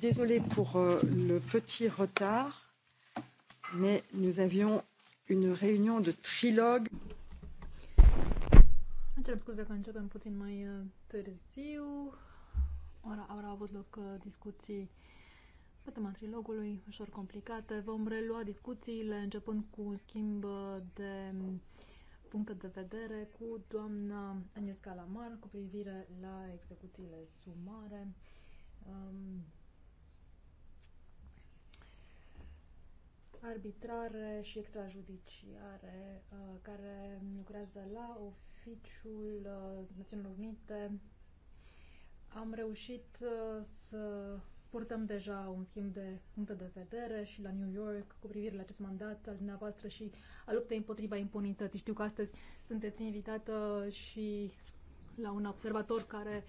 Désolée pour euh, le petit retard, mais nous avions une réunion de trilogue. Îmi scuze că începem puțin mai uh, târziu. Ora, ora a avut loc uh, discuții pe tema trilogului, ușor complicate. Vom relua discuțiile începând cu un schimb uh, de puncte de vedere cu doamna Agnes Calamar cu privire la execuțiile sumare. Um, arbitrare și extrajudiciare uh, care lucrează la Oficiul uh, Națiunilor Unite. Am reușit uh, să purtăm deja un schimb de puncte de vedere și la New York cu privire la acest mandat al dumneavoastră și a luptei împotriva impunității. Știu că astăzi sunteți invitată și la un observator care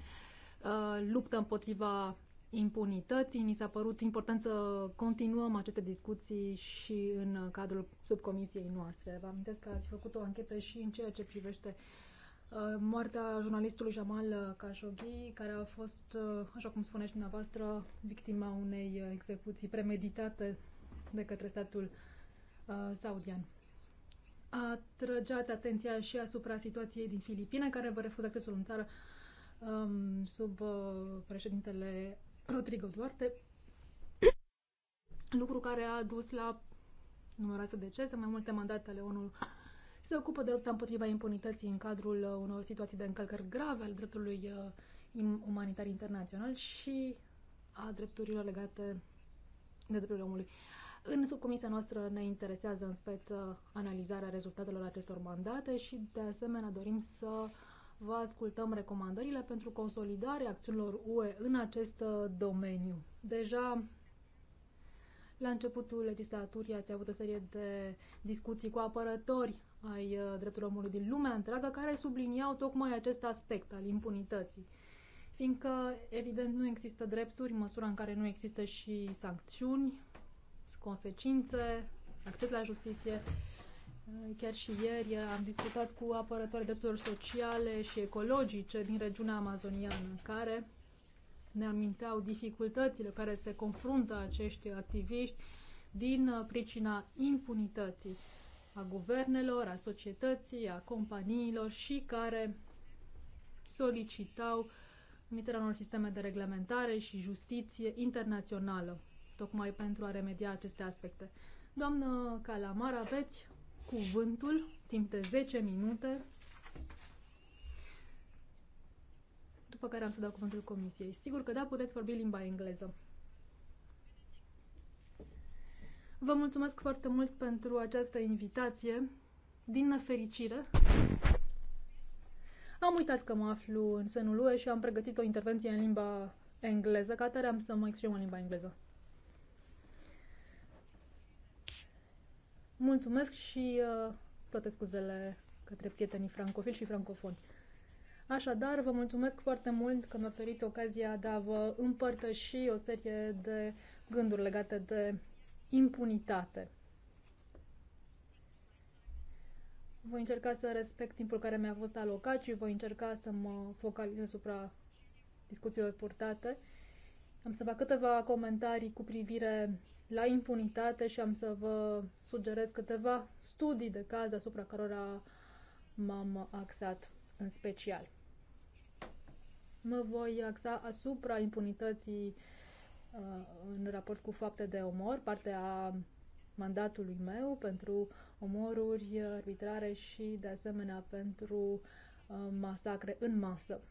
uh, luptă împotriva impunității. Mi s-a părut important să continuăm aceste discuții și în cadrul subcomisiei noastre. Vă amintesc că ați făcut o anchetă și în ceea ce privește uh, moartea jurnalistului Jamal Khashoggi, care a fost, uh, așa cum spuneți dumneavoastră, victima unei execuții premeditate de către statul uh, saudian. Atrăgeați atenția și asupra situației din Filipine, care vă refuză accesul în țară um, sub președintele Rodrigo Duarte, lucru care a dus la numeroase decese, mai multe mandate ale ONU se ocupă de lupta împotriva impunității în cadrul uh, unor situații de încălcări grave al dreptului uh, umanitar internațional și a drepturilor legate de drepturile omului. În subcomisia noastră ne interesează în speță analizarea rezultatelor acestor mandate și de asemenea dorim să vă ascultăm recomandările pentru consolidarea acțiunilor UE în acest uh, domeniu. Deja la începutul legislaturii ați avut o serie de discuții cu apărători ai uh, drepturilor omului din lumea întreagă care subliniau tocmai acest aspect al impunității. Fiindcă, evident, nu există drepturi, măsura în care nu există și sancțiuni, consecințe, acces la justiție Eh, chiar și ieri eh, am discutat cu apărători drepturilor sociale și ecologice din regiunea amazoniană, care ne aminteau dificultățile care se confruntă acești activiști din eh, pricina impunității a guvernelor, a societății, a companiilor și care solicitau emiterea unor sisteme de reglementare și justiție internațională, tocmai pentru a remedia aceste aspecte. Doamnă Calamar, aveți cuvântul timp de 10 minute, după care am să dau cuvântul comisiei. Sigur că da, puteți vorbi limba engleză. Vă mulțumesc foarte mult pentru această invitație. Din nefericire, am uitat că mă aflu în senul UE și am pregătit o intervenție în limba engleză, ca tare am să mă exprim în limba engleză. Mulțumesc și uh, toate scuzele către prietenii francofili și francofoni. Așadar, vă mulțumesc foarte mult că mi oferiți ocazia de a vă împărtăși o serie de gânduri legate de impunitate. Voi încerca să respect timpul care mi-a fost alocat și voi încerca să mă focalizez asupra discuțiilor purtate. Am să fac câteva comentarii cu privire la impunitate și am să vă sugerez câteva studii de caz asupra cărora m-am axat în special. Mă voi axa asupra impunității uh, în raport cu fapte de omor, partea mandatului meu pentru omoruri uh, arbitrare și de asemenea pentru uh, masacre în masă.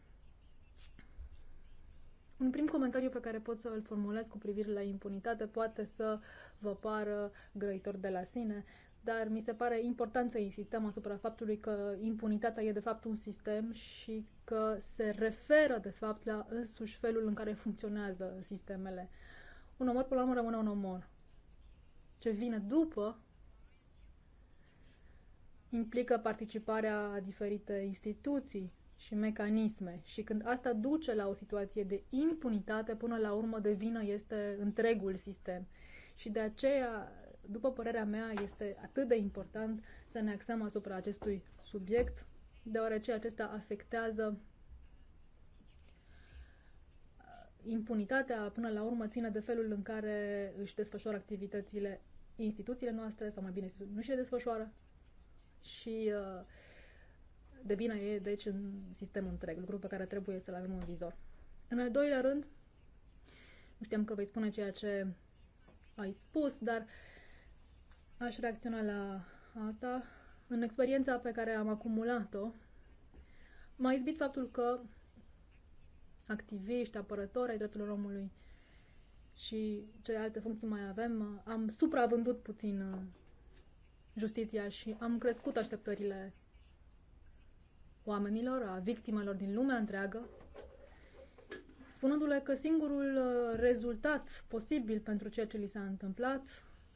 Un prim comentariu pe care pot să îl formulez cu privire la impunitate poate să vă pară grăitor de la sine, dar mi se pare important să insistăm asupra faptului că impunitatea e de fapt un sistem și că se referă de fapt la însuși felul în care funcționează sistemele. Un omor, până la urmă, rămâne un omor. Ce vine după implică participarea a diferite instituții, și mecanisme. Și când asta duce la o situație de impunitate, până la urmă de vină este întregul sistem. Și de aceea, după părerea mea, este atât de important să ne axăm asupra acestui subiect, deoarece acesta afectează uh, impunitatea, până la urmă, ține de felul în care își desfășoară activitățile instituțiile noastre, sau mai bine nu și le desfășoară, și uh, de bine e, deci, în sistem întreg, lucru pe care trebuie să-l avem în vizor. În al doilea rând, nu știam că vei spune ceea ce ai spus, dar aș reacționa la asta. În experiența pe care am acumulat-o, m-a izbit faptul că activiști, apărători ai drepturilor omului și ce alte funcții mai avem, am supravândut puțin uh, justiția și am crescut așteptările oamenilor, a victimelor din lumea întreagă, spunându-le că singurul uh, rezultat posibil pentru ceea ce li s-a întâmplat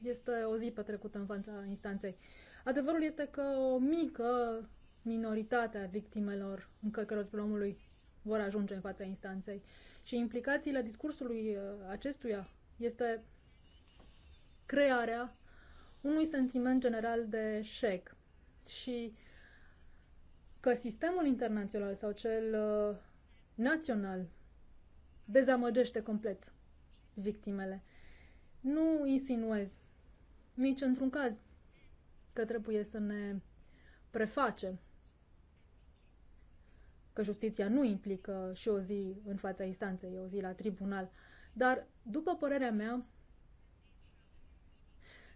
este o zi petrecută în fața instanței. Adevărul este că o mică minoritate a victimelor încălcărilor omului vor ajunge în fața instanței și implicațiile discursului uh, acestuia este crearea unui sentiment general de eșec și că sistemul internațional sau cel uh, național dezamăgește complet victimele. Nu insinuez nici într-un caz că trebuie să ne prefacem că justiția nu implică și o zi în fața instanței, o zi la tribunal. Dar, după părerea mea,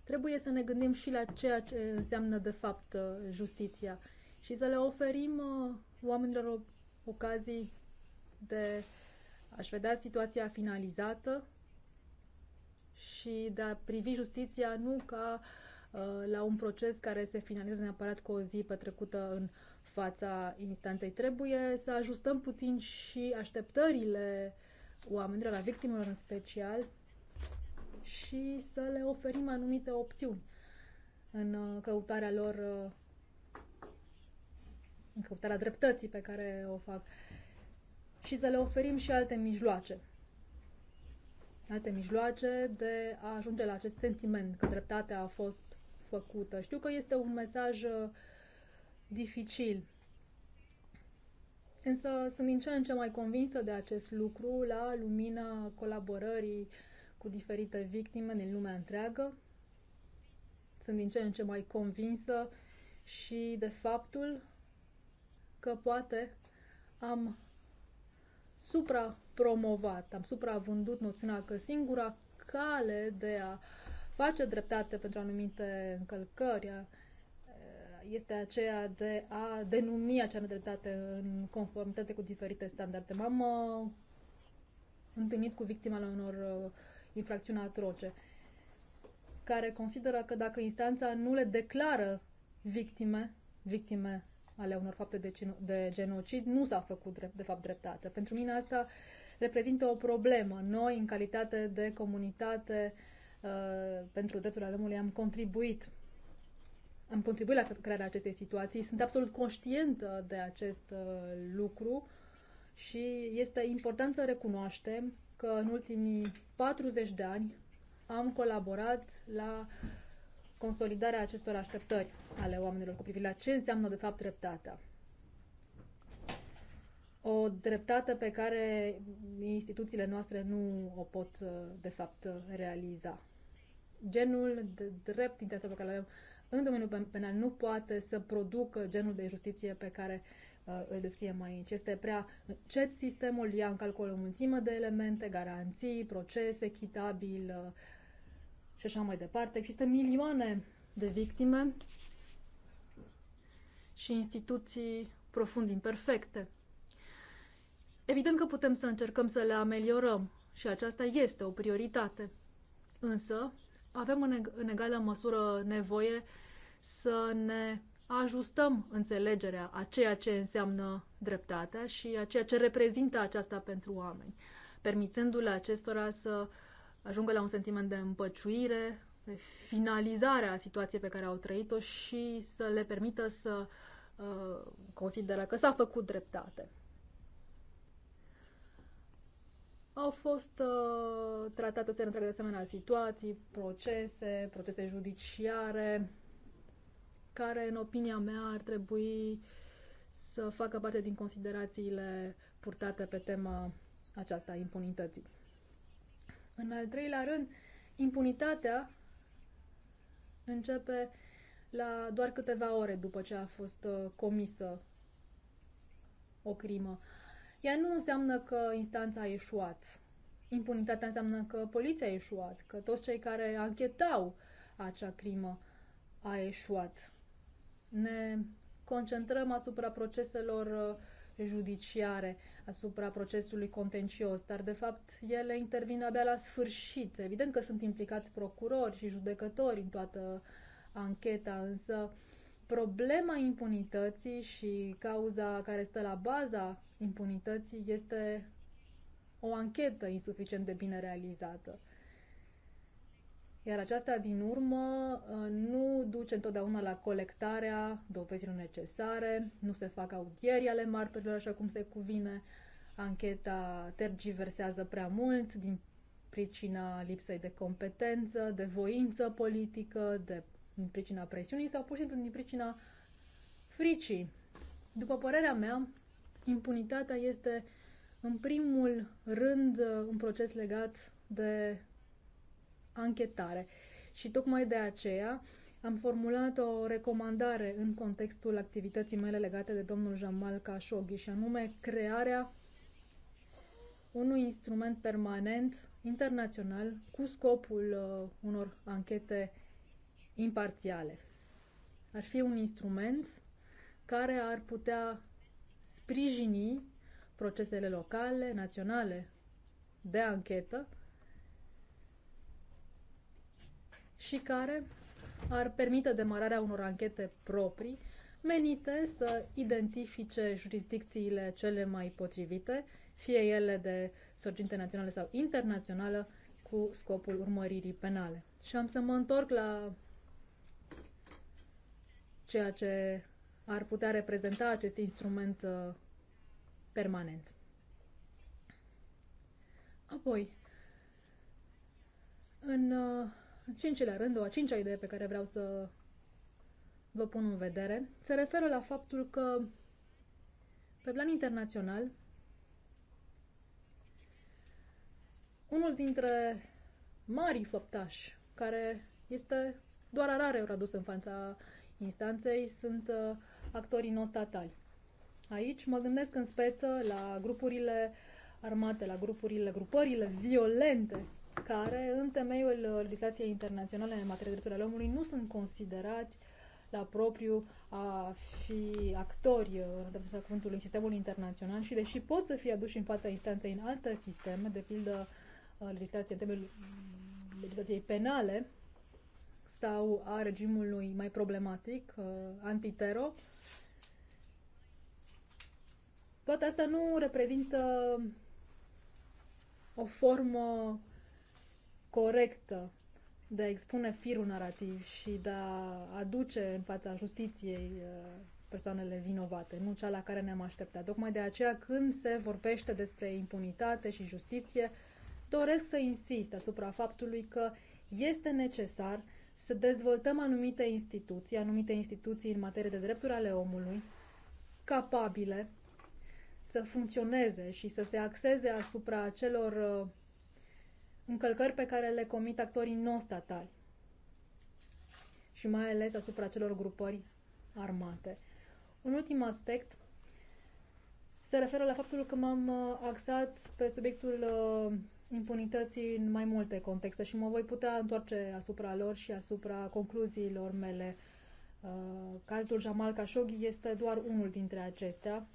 trebuie să ne gândim și la ceea ce înseamnă de fapt uh, justiția și să le oferim uh, oamenilor ocazii de a-și vedea situația finalizată și de a privi justiția nu ca uh, la un proces care se finalizează neapărat cu o zi petrecută în fața instanței. Trebuie să ajustăm puțin și așteptările oamenilor, la victimelor în special, și să le oferim anumite opțiuni în uh, căutarea lor în căutarea dreptății pe care o fac și să le oferim și alte mijloace. Alte mijloace de a ajunge la acest sentiment că dreptatea a fost făcută. Știu că este un mesaj uh, dificil, însă sunt din ce în ce mai convinsă de acest lucru la lumina colaborării cu diferite victime din lumea întreagă. Sunt din ce în ce mai convinsă și de faptul că poate am suprapromovat, am supravândut noțiunea că singura cale de a face dreptate pentru anumite încălcări uh, este aceea de a denumi acea nedreptate în conformitate cu diferite standarde. M-am uh, întâlnit cu victimele unor uh, infracțiuni atroce care consideră că dacă instanța nu le declară victime, victime ale unor fapte de, de genocid, nu s-a făcut, drept, de fapt, dreptate. Pentru mine asta reprezintă o problemă. Noi, în calitate de comunitate uh, pentru drepturile omului, am contribuit am contribuit la crearea acestei situații. Sunt absolut conștientă de acest uh, lucru și este important să recunoaștem că în ultimii 40 de ani am colaborat la consolidarea acestor așteptări ale oamenilor cu privire la ce înseamnă de fapt dreptatea. O dreptate pe care instituțiile noastre nu o pot uh, de fapt uh, realiza. Genul de drept internațional pe care avem în domeniul penal nu poate să producă genul de justiție pe care uh, îl mai aici. Este prea încet sistemul, ia în calcul o mulțime de elemente, garanții, proces echitabil, uh, și așa mai departe. Există milioane de victime și instituții profund imperfecte. Evident că putem să încercăm să le ameliorăm și aceasta este o prioritate. Însă, avem în, egală măsură nevoie să ne ajustăm înțelegerea a ceea ce înseamnă dreptatea și a ceea ce reprezintă aceasta pentru oameni, permițându-le acestora să uh, ajungă la un sentiment de împăciuire, de finalizare a situației pe care au trăit-o și să le permită să uh, consideră că s-a făcut dreptate. Au fost uh, tratate serie întreagă de asemenea situații, procese, procese judiciare, care, în opinia mea, ar trebui să facă parte din considerațiile purtate pe tema aceasta impunității. În al treilea rând, impunitatea începe la doar câteva ore după ce a fost uh, comisă o crimă. Ea nu înseamnă că instanța a ieșuat. Impunitatea înseamnă că poliția a ieșuat, că toți cei care anchetau acea crimă a ieșuat. Ne concentrăm asupra proceselor uh, judiciare asupra procesului contencios, dar de fapt ele intervin abia la sfârșit. Evident că sunt implicați procurori și judecători în toată ancheta, însă problema impunității și cauza care stă la baza impunității este o anchetă insuficient de bine realizată iar aceasta din urmă uh, nu duce întotdeauna la colectarea dovezilor necesare, nu se fac audieri ale martorilor așa cum se cuvine, ancheta tergiversează prea mult din pricina lipsei de competență, de voință politică, de, din pricina presiunii sau pur și simplu din pricina fricii. După părerea mea, impunitatea este în primul rând uh, un proces legat de anchetare. Și tocmai de aceea am formulat o recomandare în contextul activității mele legate de domnul Jamal Khashoggi și anume crearea unui instrument permanent internațional cu scopul uh, unor anchete imparțiale. Ar fi un instrument care ar putea sprijini procesele locale, naționale de anchetă și care ar permite demararea unor anchete proprii menite să identifice jurisdicțiile cele mai potrivite, fie ele de sorginte națională sau internațională, cu scopul urmăririi penale. Și am să mă întorc la ceea ce ar putea reprezenta acest instrument uh, permanent. Apoi, în uh, cincilea rând, o a cincea idee pe care vreau să vă pun în vedere, se referă la faptul că pe plan internațional unul dintre marii făptași care este doar rare ori adus în fața instanței sunt uh, actorii non-statali. Aici mă gândesc în speță la grupurile armate, la grupurile, grupările violente care, în temeiul uh, legislației internaționale în materie de drepturi ale omului, nu sunt considerați la propriu a fi actori, uh, în adevărat cuvântului, în sistemul internațional și deși pot să fie aduși în fața instanței în alte sisteme, de pildă uh, legislație, în temeiul legislației penale sau a regimului mai problematic, antitero, toate astea nu reprezintă o formă corectă de a expune firul narrativ și de a aduce în fața justiției uh, persoanele vinovate, nu cea la care ne-am așteptat. Tocmai de aceea, când se vorbește despre impunitate și justiție, doresc să insist asupra faptului că este necesar să dezvoltăm anumite instituții, anumite instituții în materie de drepturi ale omului, capabile să funcționeze și să se axeze asupra celor uh, încălcări pe care le comit actorii non-statali și mai ales asupra celor grupări armate. Un ultim aspect se referă la faptul că m-am uh, axat pe subiectul uh, impunității în mai multe contexte și mă voi putea întoarce asupra lor și asupra concluziilor mele. Uh, cazul Jamal Khashoggi este doar unul dintre acestea.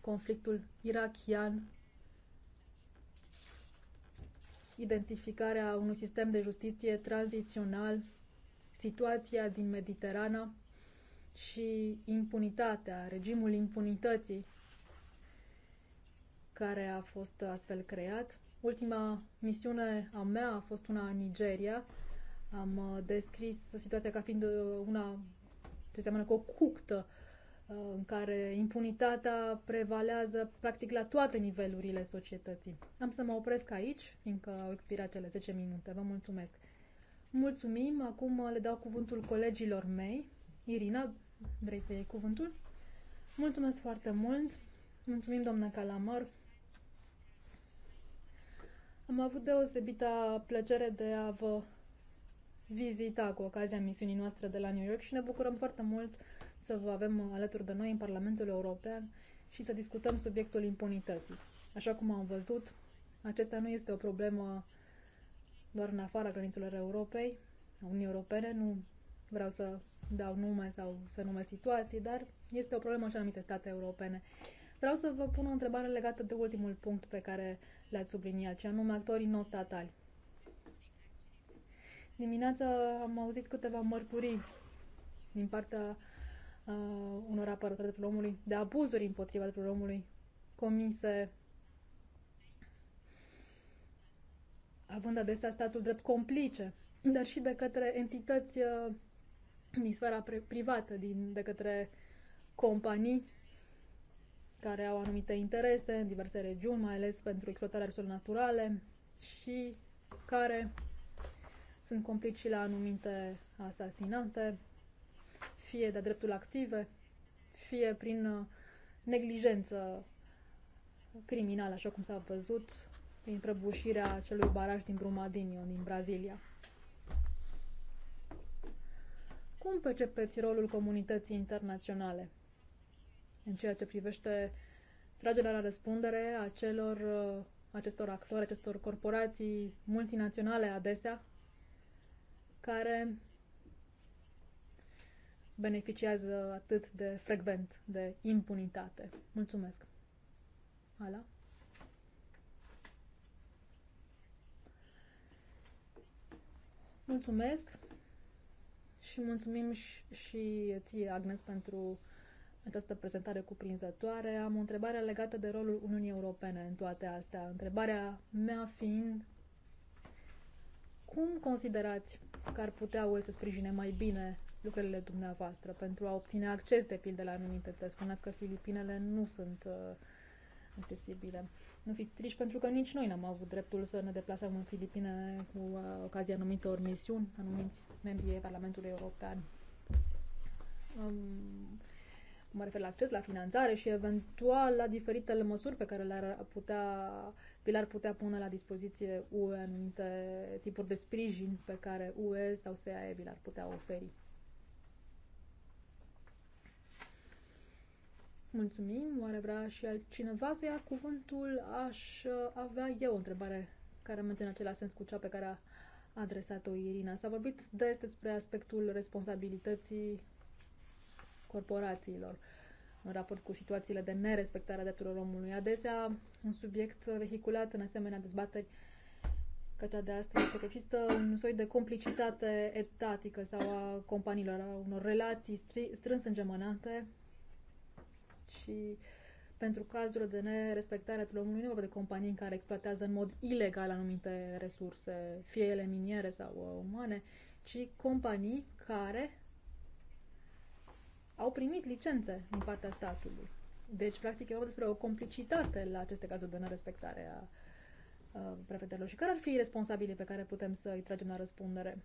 Conflictul irachian identificarea unui sistem de justiție tranzițional, situația din Mediterana și impunitatea, regimul impunității care a fost astfel creat. Ultima misiune a mea a fost una în Nigeria. Am uh, descris situația ca fiind uh, una ce seamănă cu o cuctă uh, Uh, în care impunitatea prevalează practic la toate nivelurile societății. Am să mă opresc aici, fiindcă au expirat cele 10 minute. Vă mulțumesc! Mulțumim! Acum le dau cuvântul colegilor mei. Irina, vrei să iei cuvântul? Mulțumesc foarte mult! Mulțumim, doamnă Calamar! Am avut deosebita plăcere de a vă vizita cu ocazia misiunii noastre de la New York și ne bucurăm foarte mult uh, să vă avem uh, alături de noi în Parlamentul European și să discutăm subiectul impunității. Așa cum am văzut, acesta nu este o problemă doar în afara granițelor Europei, a Unii Europene, nu vreau să dau nume sau să nume situații, dar este o problemă și în anumite state europene. Vreau să vă pun o întrebare legată de ultimul punct pe care l-ați subliniat, ce anume actorii non-statali. Dimineața am auzit câteva mărturii din partea uh, unor apărători de omului, de abuzuri împotriva drepturilor omului comise având adesea statul drept complice, dar și de către entități uh, din sfera privată, din, de către companii care au anumite interese în diverse regiuni, mai ales pentru exploatarea resurselor naturale și care sunt complici și la anumite asasinate, fie de dreptul active, fie prin uh, neglijență criminală, așa cum s-a văzut prin prăbușirea acelui baraj din Brumadinho, din Brazilia. Cum percepeți rolul comunității internaționale în ceea ce privește tragerea la răspundere a celor, uh, acestor actori, acestor corporații multinaționale adesea, care beneficiază atât de frecvent de impunitate. Mulțumesc! Ala? Mulțumesc și mulțumim și, și ție, Agnes, pentru această prezentare cuprinzătoare. Am o întrebare legată de rolul Uniunii Europene în toate astea. Întrebarea mea fiind, cum considerați că ar putea UE să sprijine mai bine lucrurile dumneavoastră pentru a obține acces, de pildă, la anumite țări. Spuneați că Filipinele nu sunt uh, accesibile. Nu fiți triști pentru că nici noi n-am avut dreptul să ne deplasăm în Filipine cu uh, ocazia anumitor misiuni, anumiți membrii Parlamentului European. Um, mă refer la acces la finanțare și eventual la diferitele măsuri pe care le-ar putea, vi le-ar putea pune la dispoziție UE anumite tipuri de sprijin pe care UE sau SAE vi le-ar putea oferi. Mulțumim. Oare vrea și cineva să ia cuvântul? Aș uh, avea eu o întrebare care merge în același sens cu cea pe care a adresat-o Irina. S-a vorbit des despre aspectul responsabilității corporațiilor în raport cu situațiile de nerespectare a drepturilor omului. Adesea, un subiect vehiculat în asemenea dezbateri ca cea de astăzi este că există un soi de complicitate etatică sau a companiilor, a unor relații strâns îngemănate și pentru cazuri de nerespectare pe omului, nu de companii în care exploatează în mod ilegal anumite resurse, fie ele miniere sau uh, umane, ci companii care au primit licențe din partea statului. Deci, practic, e vorba despre o complicitate la aceste cazuri de nerespectare a uh, prevederilor. Și care ar fi responsabilii pe care putem să îi tragem la răspundere?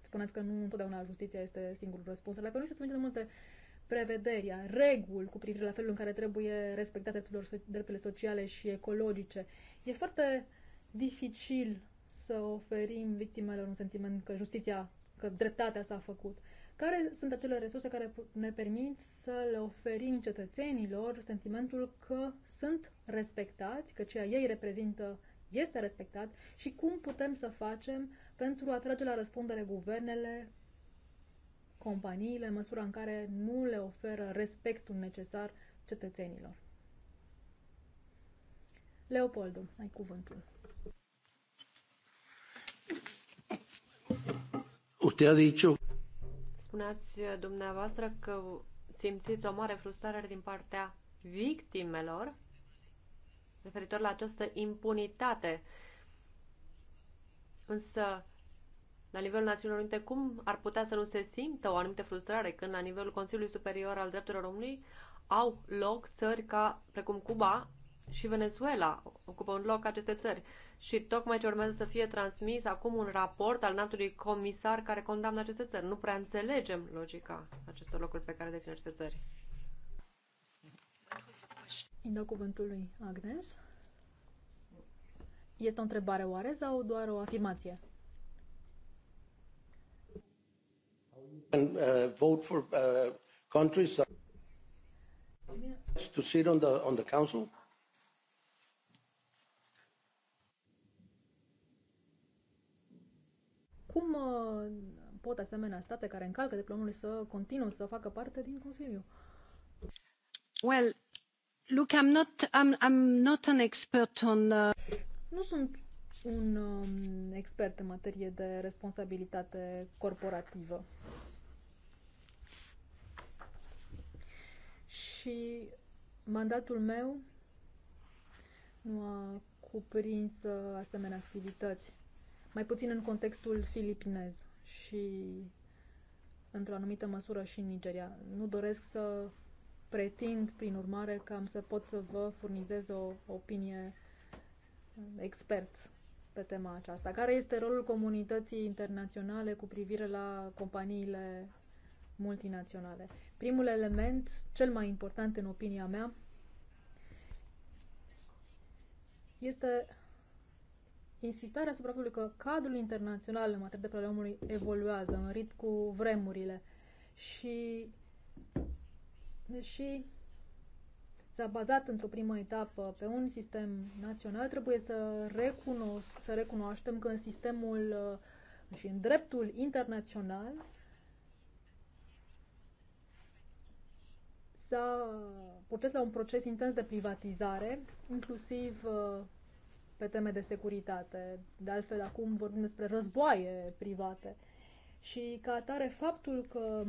Spuneți că nu întotdeauna justiția este singurul răspuns, dar că nu se sunt multe prevederea, reguli cu privire la felul în care trebuie respectate drepturile sociale și ecologice. E foarte dificil să oferim victimelor un sentiment că justiția, că dreptatea s-a făcut. Care sunt acele resurse care ne permit să le oferim cetățenilor sentimentul că sunt respectați, că ceea ei reprezintă este respectat și cum putem să facem pentru a trage la răspundere guvernele companiile în măsura în care nu le oferă respectul necesar cetățenilor. Leopoldu, ai cuvântul. Usted ha dicho... Spuneați eh, dumneavoastră că simțiți o mare frustrare din partea victimelor referitor la această impunitate. Însă, la nivelul Națiunilor Unite, cum ar putea să nu se simtă o anumită frustrare când la nivelul Consiliului Superior al Drepturilor Omului au loc țări ca, precum Cuba și Venezuela, ocupă un loc aceste țări. Și tocmai ce urmează să fie transmis acum un raport al natului comisar care condamnă aceste țări. Nu prea înțelegem logica acestor locuri pe care le țin aceste țări. Îi dau cuvântul lui Agnes. Este o întrebare oare sau doar o afirmație? and uh, vote for uh, countries to sit on the on the council? Cum uh, pot asemenea state care încalcă diplomul să continuă să facă parte din Consiliu? Well, look, I'm not, I'm, I'm not an expert on... Uh... Nu sunt un um, expert în materie de responsabilitate corporativă. și mandatul meu nu a cuprins uh, asemenea activități, mai puțin în contextul filipinez și într-o anumită măsură și în Nigeria. Nu doresc să pretind, prin urmare, că am să pot să vă furnizez o opinie expert pe tema aceasta. Care este rolul comunității internaționale cu privire la companiile multinaționale. Primul element, cel mai important în opinia mea, este insistarea asupra faptului că cadrul internațional în materie de probleme omului evoluează în ritm cu vremurile și deși s-a bazat într-o primă etapă pe un sistem național, trebuie să, recunosc, să recunoaștem că în sistemul uh, și în dreptul internațional să portez la un proces intens de privatizare, inclusiv uh, pe teme de securitate. De altfel, acum vorbim despre războaie private. Și ca atare, faptul că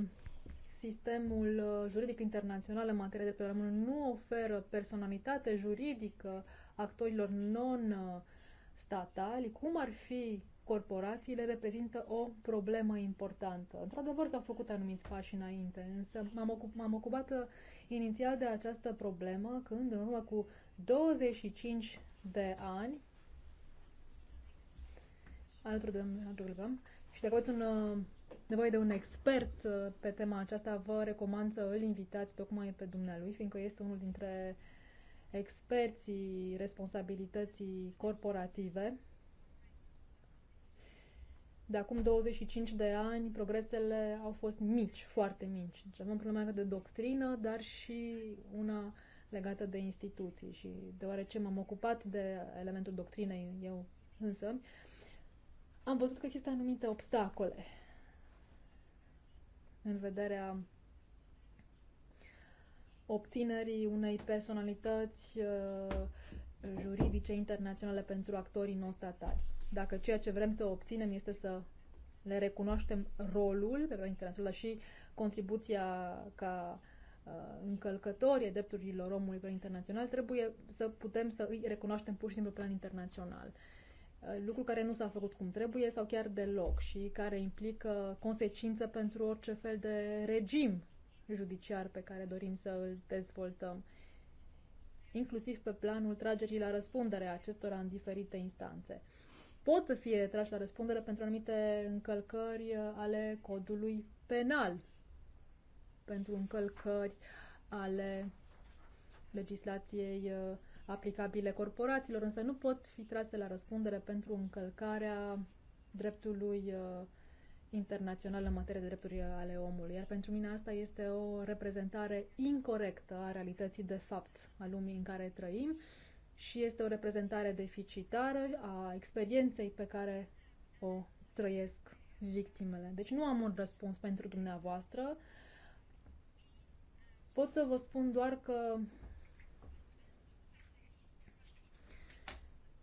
sistemul uh, juridic internațional în materie de programul nu oferă personalitate juridică actorilor non-statali, uh, cum ar fi corporațiile reprezintă o problemă importantă. Într-adevăr, s-au făcut anumiți pași înainte, însă m-am, ocup, m-am ocupat uh, inițial de această problemă când, în urmă cu 25 de ani, alături de domnul și dacă aveți un, uh, nevoie de un expert uh, pe tema aceasta, vă recomand să îl invitați tocmai pe dumnealui, fiindcă este unul dintre experții responsabilității corporative de acum 25 de ani progresele au fost mici, foarte mici. Deci avem probleme de doctrină, dar și una legată de instituții. Și deoarece m-am ocupat de elementul doctrinei eu însă, am văzut că există anumite obstacole în vederea obținerii unei personalități uh, juridice internaționale pentru actorii non-statali dacă ceea ce vrem să obținem este să le recunoaștem rolul pe plan internațional și contribuția ca uh, încălcătorie drepturilor omului pe plan internațional, trebuie să putem să îi recunoaștem pur și simplu pe plan internațional. Uh, lucru care nu s-a făcut cum trebuie sau chiar deloc și care implică consecință pentru orice fel de regim judiciar pe care dorim să îl dezvoltăm, inclusiv pe planul tragerii la răspundere a acestora în diferite instanțe pot să fie trași la răspundere pentru anumite încălcări uh, ale codului penal, pentru încălcări ale legislației uh, aplicabile corporațiilor, însă nu pot fi trase la răspundere pentru încălcarea dreptului uh, internațional în materie de drepturi ale omului. Iar pentru mine asta este o reprezentare incorrectă a realității de fapt a lumii în care trăim și este o reprezentare deficitară a experienței pe care o trăiesc victimele. Deci nu am un răspuns pentru dumneavoastră. Pot să vă spun doar că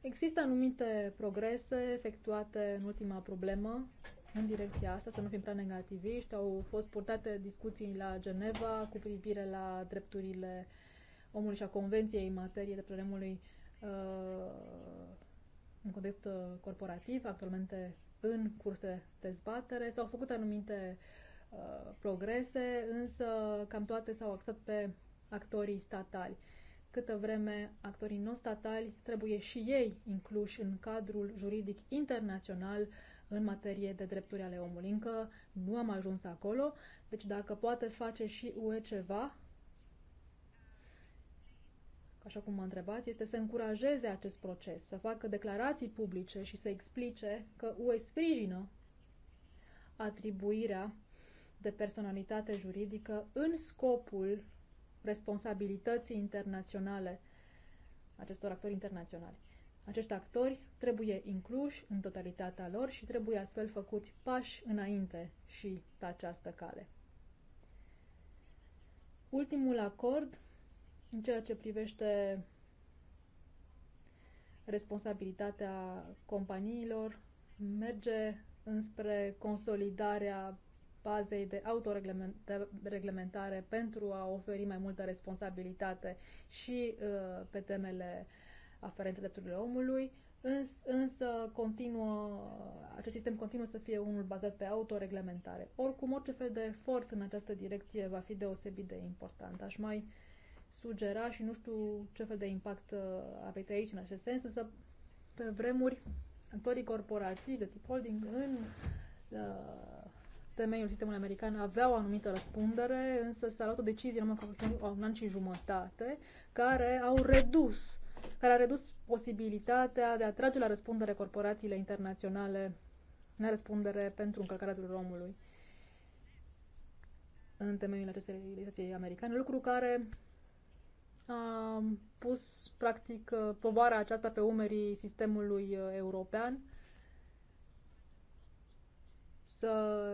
există anumite progrese efectuate în ultima problemă în direcția asta, să nu fim prea negativiști. Au fost purtate discuții la Geneva cu privire la drepturile uh, omului și a Convenției în materie de problemului uh, în context uh, corporativ, actualmente în curs de dezbatere. S-au făcut anumite uh, progrese, însă cam toate s-au axat pe actorii statali. Câtă vreme actorii non-statali trebuie și ei incluși în cadrul juridic internațional în materie de drepturi ale omului. Încă nu am ajuns acolo, deci dacă poate face și UE ceva așa cum mă întrebați, este să încurajeze acest proces, să facă declarații publice și să explice că UE sprijină atribuirea de personalitate juridică în scopul responsabilității internaționale acestor actori internaționali. Acești actori trebuie incluși în totalitatea lor și trebuie astfel făcuți pași înainte și pe această cale. Ultimul acord în ceea ce privește responsabilitatea companiilor, merge înspre consolidarea bazei de autoreglementare pentru a oferi mai multă responsabilitate și uh, pe temele aferente drepturilor omului, îns, însă continuă, acest sistem continuă să fie unul bazat pe autoreglementare. Oricum, orice fel de efort în această direcție va fi deosebit de important. Aș mai uh, sugera și nu știu ce fel de impact uh, aveți aici în acest sens, însă pe vremuri actorii corporații de tip holding în uh, temeiul sistemului american aveau o anumită răspundere, însă s-a luat o decizie numai cu un an și jumătate, care au redus, care a redus posibilitatea de a trage la răspundere corporațiile internaționale la răspundere pentru încălcarea drepturilor omului în temeiul acestei legislației americane, lucru care am pus, practic, uh, povara aceasta pe umerii sistemului uh, european să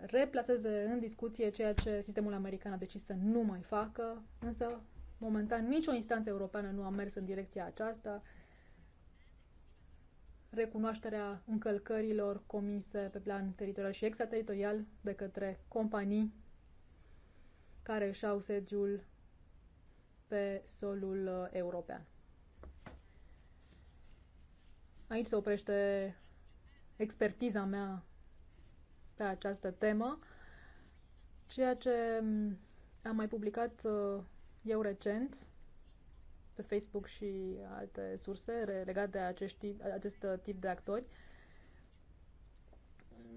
replaseze în discuție ceea ce sistemul american a decis să nu mai facă, însă, momentan, nicio instanță europeană nu a mers în direcția aceasta. Recunoașterea încălcărilor comise pe plan teritorial și extrateritorial de către companii care își au sediul pe solul uh, european. Aici se oprește expertiza mea pe această temă. Ceea ce mm, am mai publicat uh, eu recent pe Facebook și alte surse legate de acest tip, acest uh, tip de actori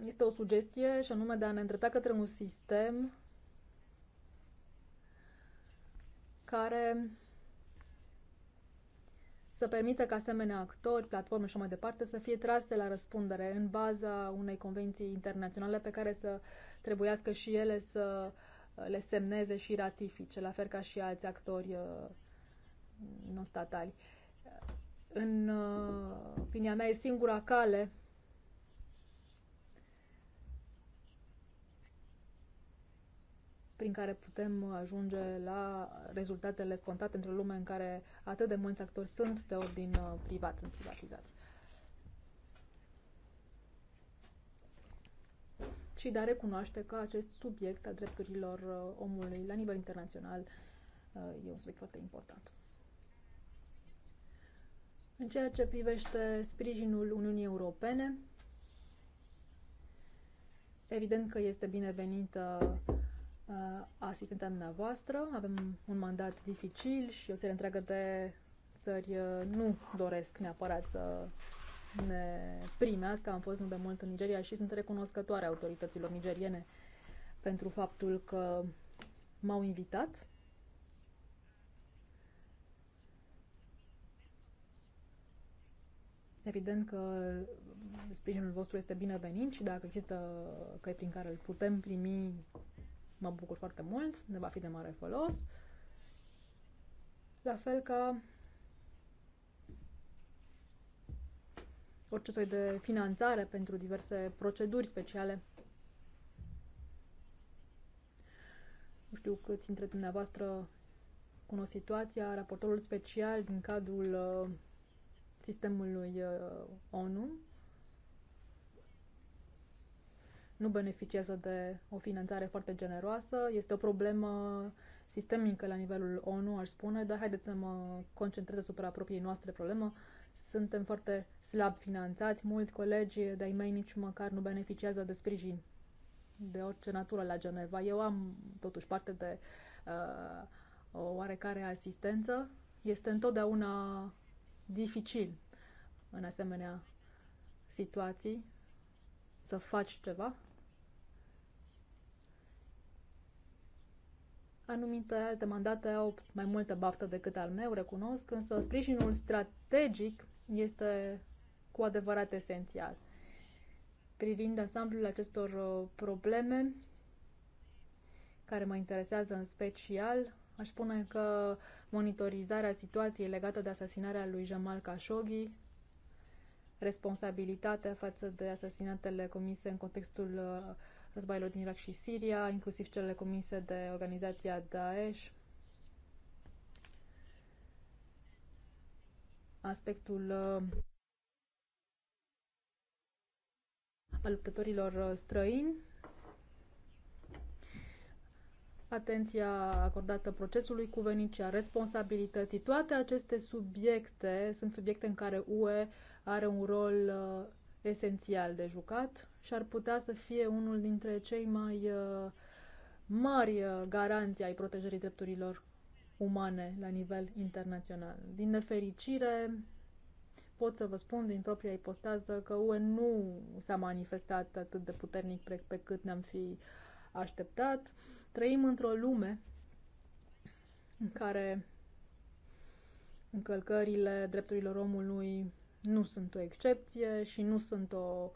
este o sugestie și anume de a ne îndrepta către un sistem care să permită ca asemenea actori, platforme și mai departe să fie trase la răspundere în baza unei convenții internaționale pe care să trebuiască și ele să le semneze și ratifice, la fel ca și alți actori uh, non-statali. În uh, opinia mea e singura cale prin care putem ajunge la rezultatele scontate într-o lume în care atât de mulți actori sunt de ordin uh, privat, sunt privatizați. Și de a recunoaște că acest subiect a drepturilor uh, omului la nivel internațional uh, e un subiect foarte important. În ceea ce privește sprijinul Uniunii Europene, evident că este binevenită asistența dumneavoastră. Avem un mandat dificil și o serie întreagă de țări uh, nu doresc neapărat să ne primească. Am fost nu de mult în Nigeria și sunt recunoscătoare autorităților nigeriene pentru faptul că m-au invitat. Evident că sprijinul vostru este binevenit și dacă există căi prin care îl putem primi Mă bucur foarte mult, ne va fi de mare folos. La fel ca orice soi de finanțare pentru diverse proceduri speciale. Nu știu câți dintre dumneavoastră cunosc situația, raportorul special din cadrul uh, sistemului uh, ONU nu beneficiază de o finanțare foarte generoasă. Este o problemă sistemică la nivelul ONU, aș spune, dar haideți să mă concentrez asupra propriei noastre problemă. Suntem foarte slab finanțați, mulți colegi de-ai mei nici măcar nu beneficiază de sprijin de orice natură la Geneva. Eu am totuși parte de uh, o oarecare asistență. Este întotdeauna dificil în asemenea situații să faci ceva, Anumite alte mandate au mai multă baftă decât al meu, recunosc, însă sprijinul strategic este cu adevărat esențial. Privind ansamblul acestor uh, probleme, care mă interesează în special, aș spune că monitorizarea situației legată de asasinarea lui Jamal Khashoggi, responsabilitatea față de asasinatele comise în contextul uh, războaielor din Irak și Siria, inclusiv cele comise de organizația Daesh. Aspectul uh, al luptătorilor uh, străini, atenția acordată procesului cuvenit și a responsabilității. Toate aceste subiecte sunt subiecte în care UE are un rol uh, esențial de jucat și ar putea să fie unul dintre cei mai uh, mari uh, garanții ai protejării drepturilor umane la nivel internațional. Din nefericire, pot să vă spun din propria ipostază că UE nu s-a manifestat atât de puternic pe, pe cât ne-am fi așteptat. Trăim într-o lume în care încălcările drepturilor omului nu sunt o excepție și nu sunt o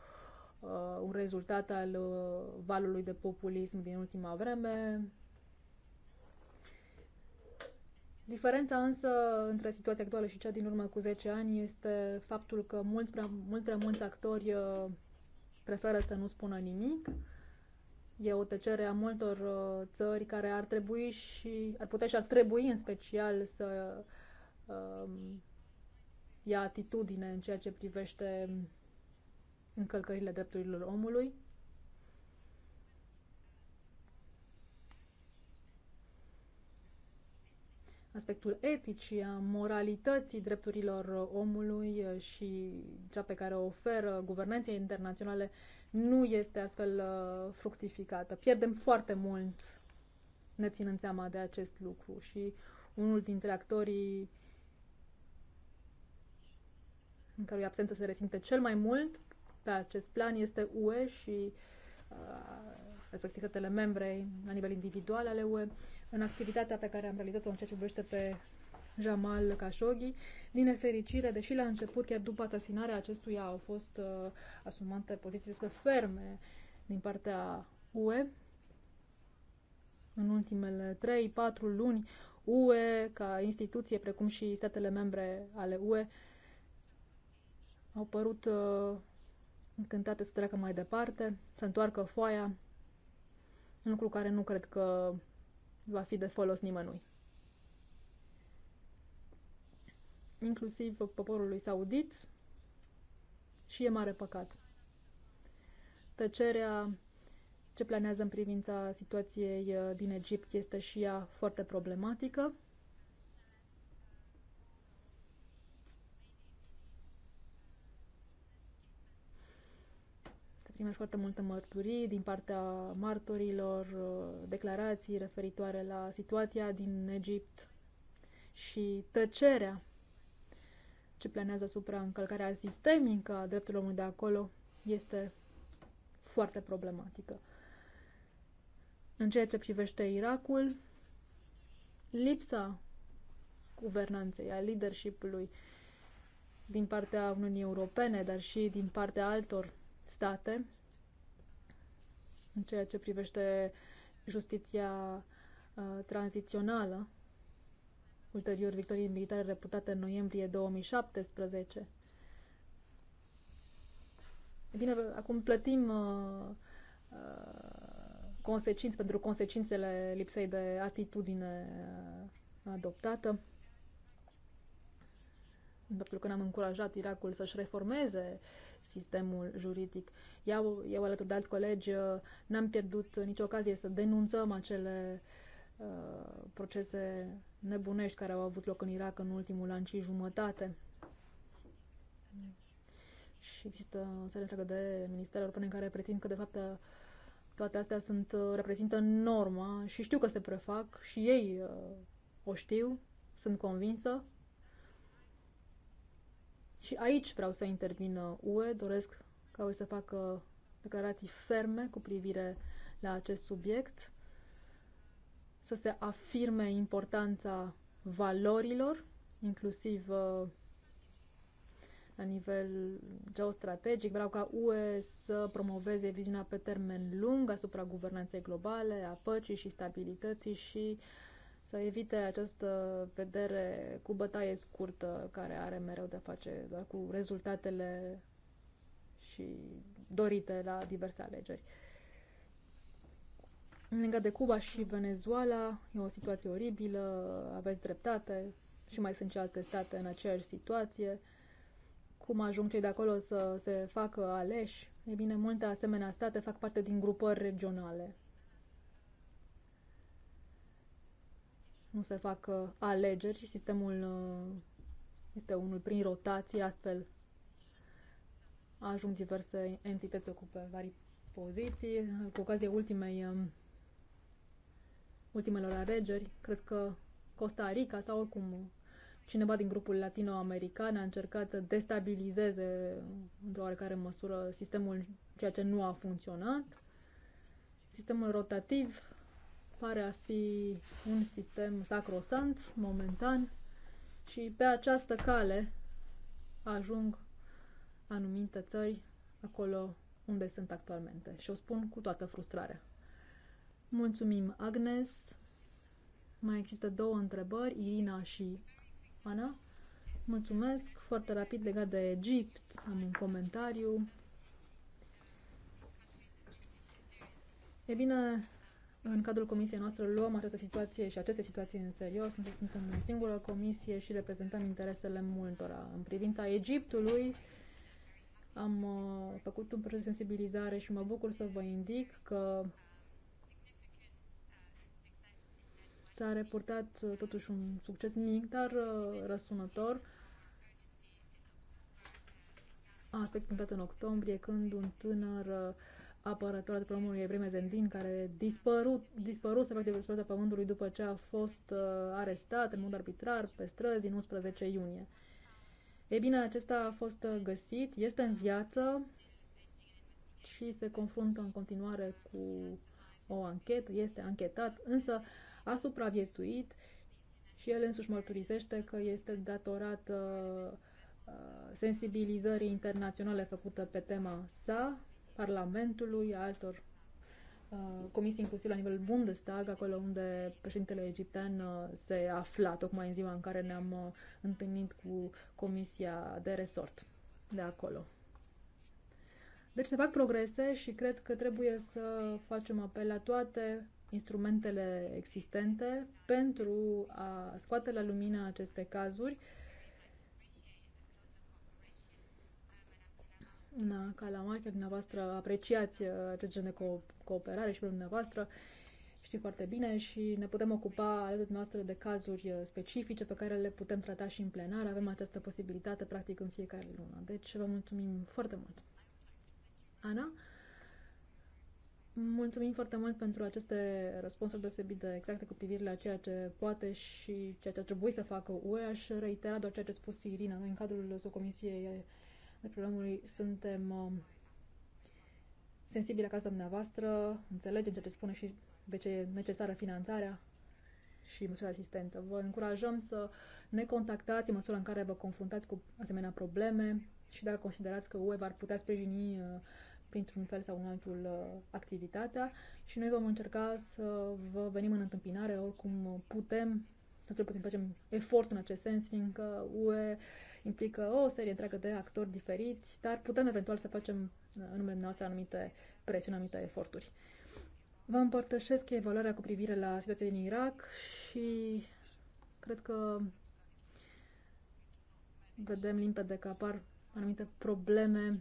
Uh, un rezultat al uh, valului de populism din ultima vreme. Diferența însă între situația actuală și cea din urmă cu 10 ani este faptul că mult prea, mult prea mulți actori uh, preferă să nu spună nimic. E o tăcere a multor țări care ar trebui și ar putea și ar trebui în special să um, ia atitudine în ceea ce privește încălcările drepturilor omului. aspectul și a moralității drepturilor omului uh, și cea pe care o oferă guvernanții internaționale nu este astfel uh, fructificată. Pierdem foarte mult ne ținând seama de acest lucru și unul dintre actorii în care absență se resimte cel mai mult pe acest plan este UE și uh, respectiv statele membre la nivel individual ale UE, în activitatea pe care am realizat-o în ceea ce privește pe Jamal Khashoggi. Din nefericire, deși la început, chiar după asasinarea acestuia, au fost uh, asumate poziții destul ferme din partea UE, în ultimele 3-4 luni, UE, ca instituție, precum și statele membre ale UE, au părut uh, încântate să treacă mai departe, să întoarcă foaia, un lucru care nu cred că va fi de folos nimănui. Inclusiv poporului saudit și e mare păcat. Tăcerea ce planează în privința situației uh, din Egipt este și ea foarte problematică. primesc foarte multe mărturii din partea martorilor, uh, declarații referitoare la situația din Egipt și tăcerea ce planează asupra încălcarea sistemică a drepturilor omului de acolo este foarte problematică. În ceea ce privește Irakul, lipsa guvernanței, a leadership-ului din partea Uniunii Europene, dar și din partea altor state în ceea ce privește justiția uh, tranzițională, ulterior victoriei militare reputate în noiembrie 2017. E bine, acum plătim uh, uh, consecințe pentru consecințele lipsei de atitudine uh, adoptată. Faptul că n-am încurajat Irakul să-și reformeze uh, sistemul juridic. Eu, eu alături de alți colegi, uh, n-am pierdut nicio ocazie să denunțăm acele uh, procese nebunești care au avut loc în Irak în ultimul an și jumătate. Și există o serie întreagă de ministere europene care pretind că, de fapt, toate astea sunt, uh, reprezintă norma și știu că se prefac și ei uh, o știu, sunt convinsă, și aici vreau să intervină UE, doresc ca UE să facă declarații ferme cu privire la acest subiect, să se afirme importanța valorilor, inclusiv uh, la nivel geostrategic. Vreau ca UE să promoveze viziunea pe termen lung asupra guvernanței globale, a păcii și stabilității și uh, să evite această vedere cu bătaie scurtă care are mereu de face doar cu rezultatele și dorite la diverse alegeri. În legat de Cuba și Venezuela, e o situație oribilă, aveți dreptate și mai sunt și alte state în aceeași situație. Cum ajung cei de acolo să se facă aleși? E bine, multe asemenea state fac parte din grupări regionale nu se facă alegeri și sistemul uh, este unul prin rotație, astfel ajung diverse entități ocupe vari poziții. Cu ocazia ultimei, um, ultimelor alegeri, cred că Costa Rica sau oricum cineva din grupul latino-american a încercat să destabilizeze într-o oarecare măsură sistemul, ceea ce nu a funcționat. Sistemul rotativ pare a fi un sistem sacrosant momentan și pe această cale ajung anumite țări acolo unde sunt actualmente. Și o spun cu toată frustrarea. Mulțumim, Agnes. Mai există două întrebări, Irina și Ana. Mulțumesc. Foarte rapid legat de Egipt, am un comentariu. E bine, în cadrul comisiei noastre luăm această situație și aceste situații în serios. Suntem o singură comisie și reprezentăm interesele multora. În privința Egiptului, am uh, făcut un proces de sensibilizare și mă bucur să vă indic că s-a reportat uh, totuși un succes mic, dar uh, răsunător. A punctat în octombrie, când un tânăr uh, apărător de pământul Evrei Zendin, care dispărut, dispărut practic de exploata pământului după ce a fost uh, arestat în mod arbitrar pe străzi în 11 iunie. Ei bine, acesta a fost uh, găsit, este în viață și se confruntă în continuare cu o anchetă, este anchetat, însă a supraviețuit și el însuși mărturisește că este datorat uh, uh sensibilizării internaționale făcută pe tema sa, Parlamentului, a altor uh, comisii, inclusiv la nivel Bundestag, acolo unde președintele egiptean uh, se afla, tocmai în ziua în care ne-am uh, întâlnit cu comisia de resort de acolo. Deci se fac progrese și cred că trebuie să facem apel la toate instrumentele existente pentru a scoate la lumină aceste cazuri Na, da, ca la marca dumneavoastră apreciați uh, acest gen de co- cooperare și pe dumneavoastră știi foarte bine și ne putem ocupa alături noastră de cazuri uh, specifice pe care le putem trata și în plenar. Avem această posibilitate practic în fiecare lună. Deci vă mulțumim foarte mult. Ana? Mulțumim foarte mult pentru aceste răspunsuri deosebit de exacte cu privire la ceea ce poate și ceea ce ar trebui să facă UE. Aș reitera doar ceea ce a spus Irina. Noi, în cadrul subcomisiei programului suntem uh, sensibile acasă dumneavoastră, înțelegem ce spune și de ce e necesară finanțarea și măsura de asistență. Vă încurajăm să ne contactați în măsura în care vă confruntați cu asemenea probleme și dacă considerați că UE v-ar putea sprijini uh, printr-un fel sau un altul uh, activitatea și noi vom încerca să vă venim în întâmpinare oricum putem, cel puțin facem efort în acest sens, fiindcă UE implică o serie întreagă de actori diferiți, dar putem eventual să facem uh, în numele noastre anumite presiuni, anumite eforturi. Vă împărtășesc evaluarea cu privire la situația din Irak și cred că vedem limpede că apar anumite probleme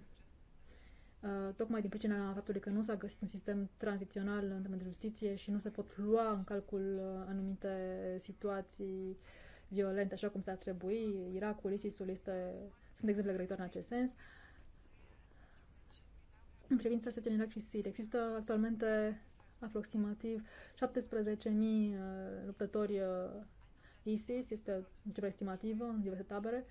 uh, tocmai din pricina faptului că nu s-a găsit un sistem tranzițional în termen de justiție și nu se pot lua în calcul uh, anumite situații violent așa cum s-ar trebui. Irakul, ISIS-ul este, sunt exemple grăitoare în acest sens. În privința situației în Irak și Siria, există actualmente aproximativ 17.000 uh, luptători uh, ISIS, este o cifră estimativă în diverse tabere.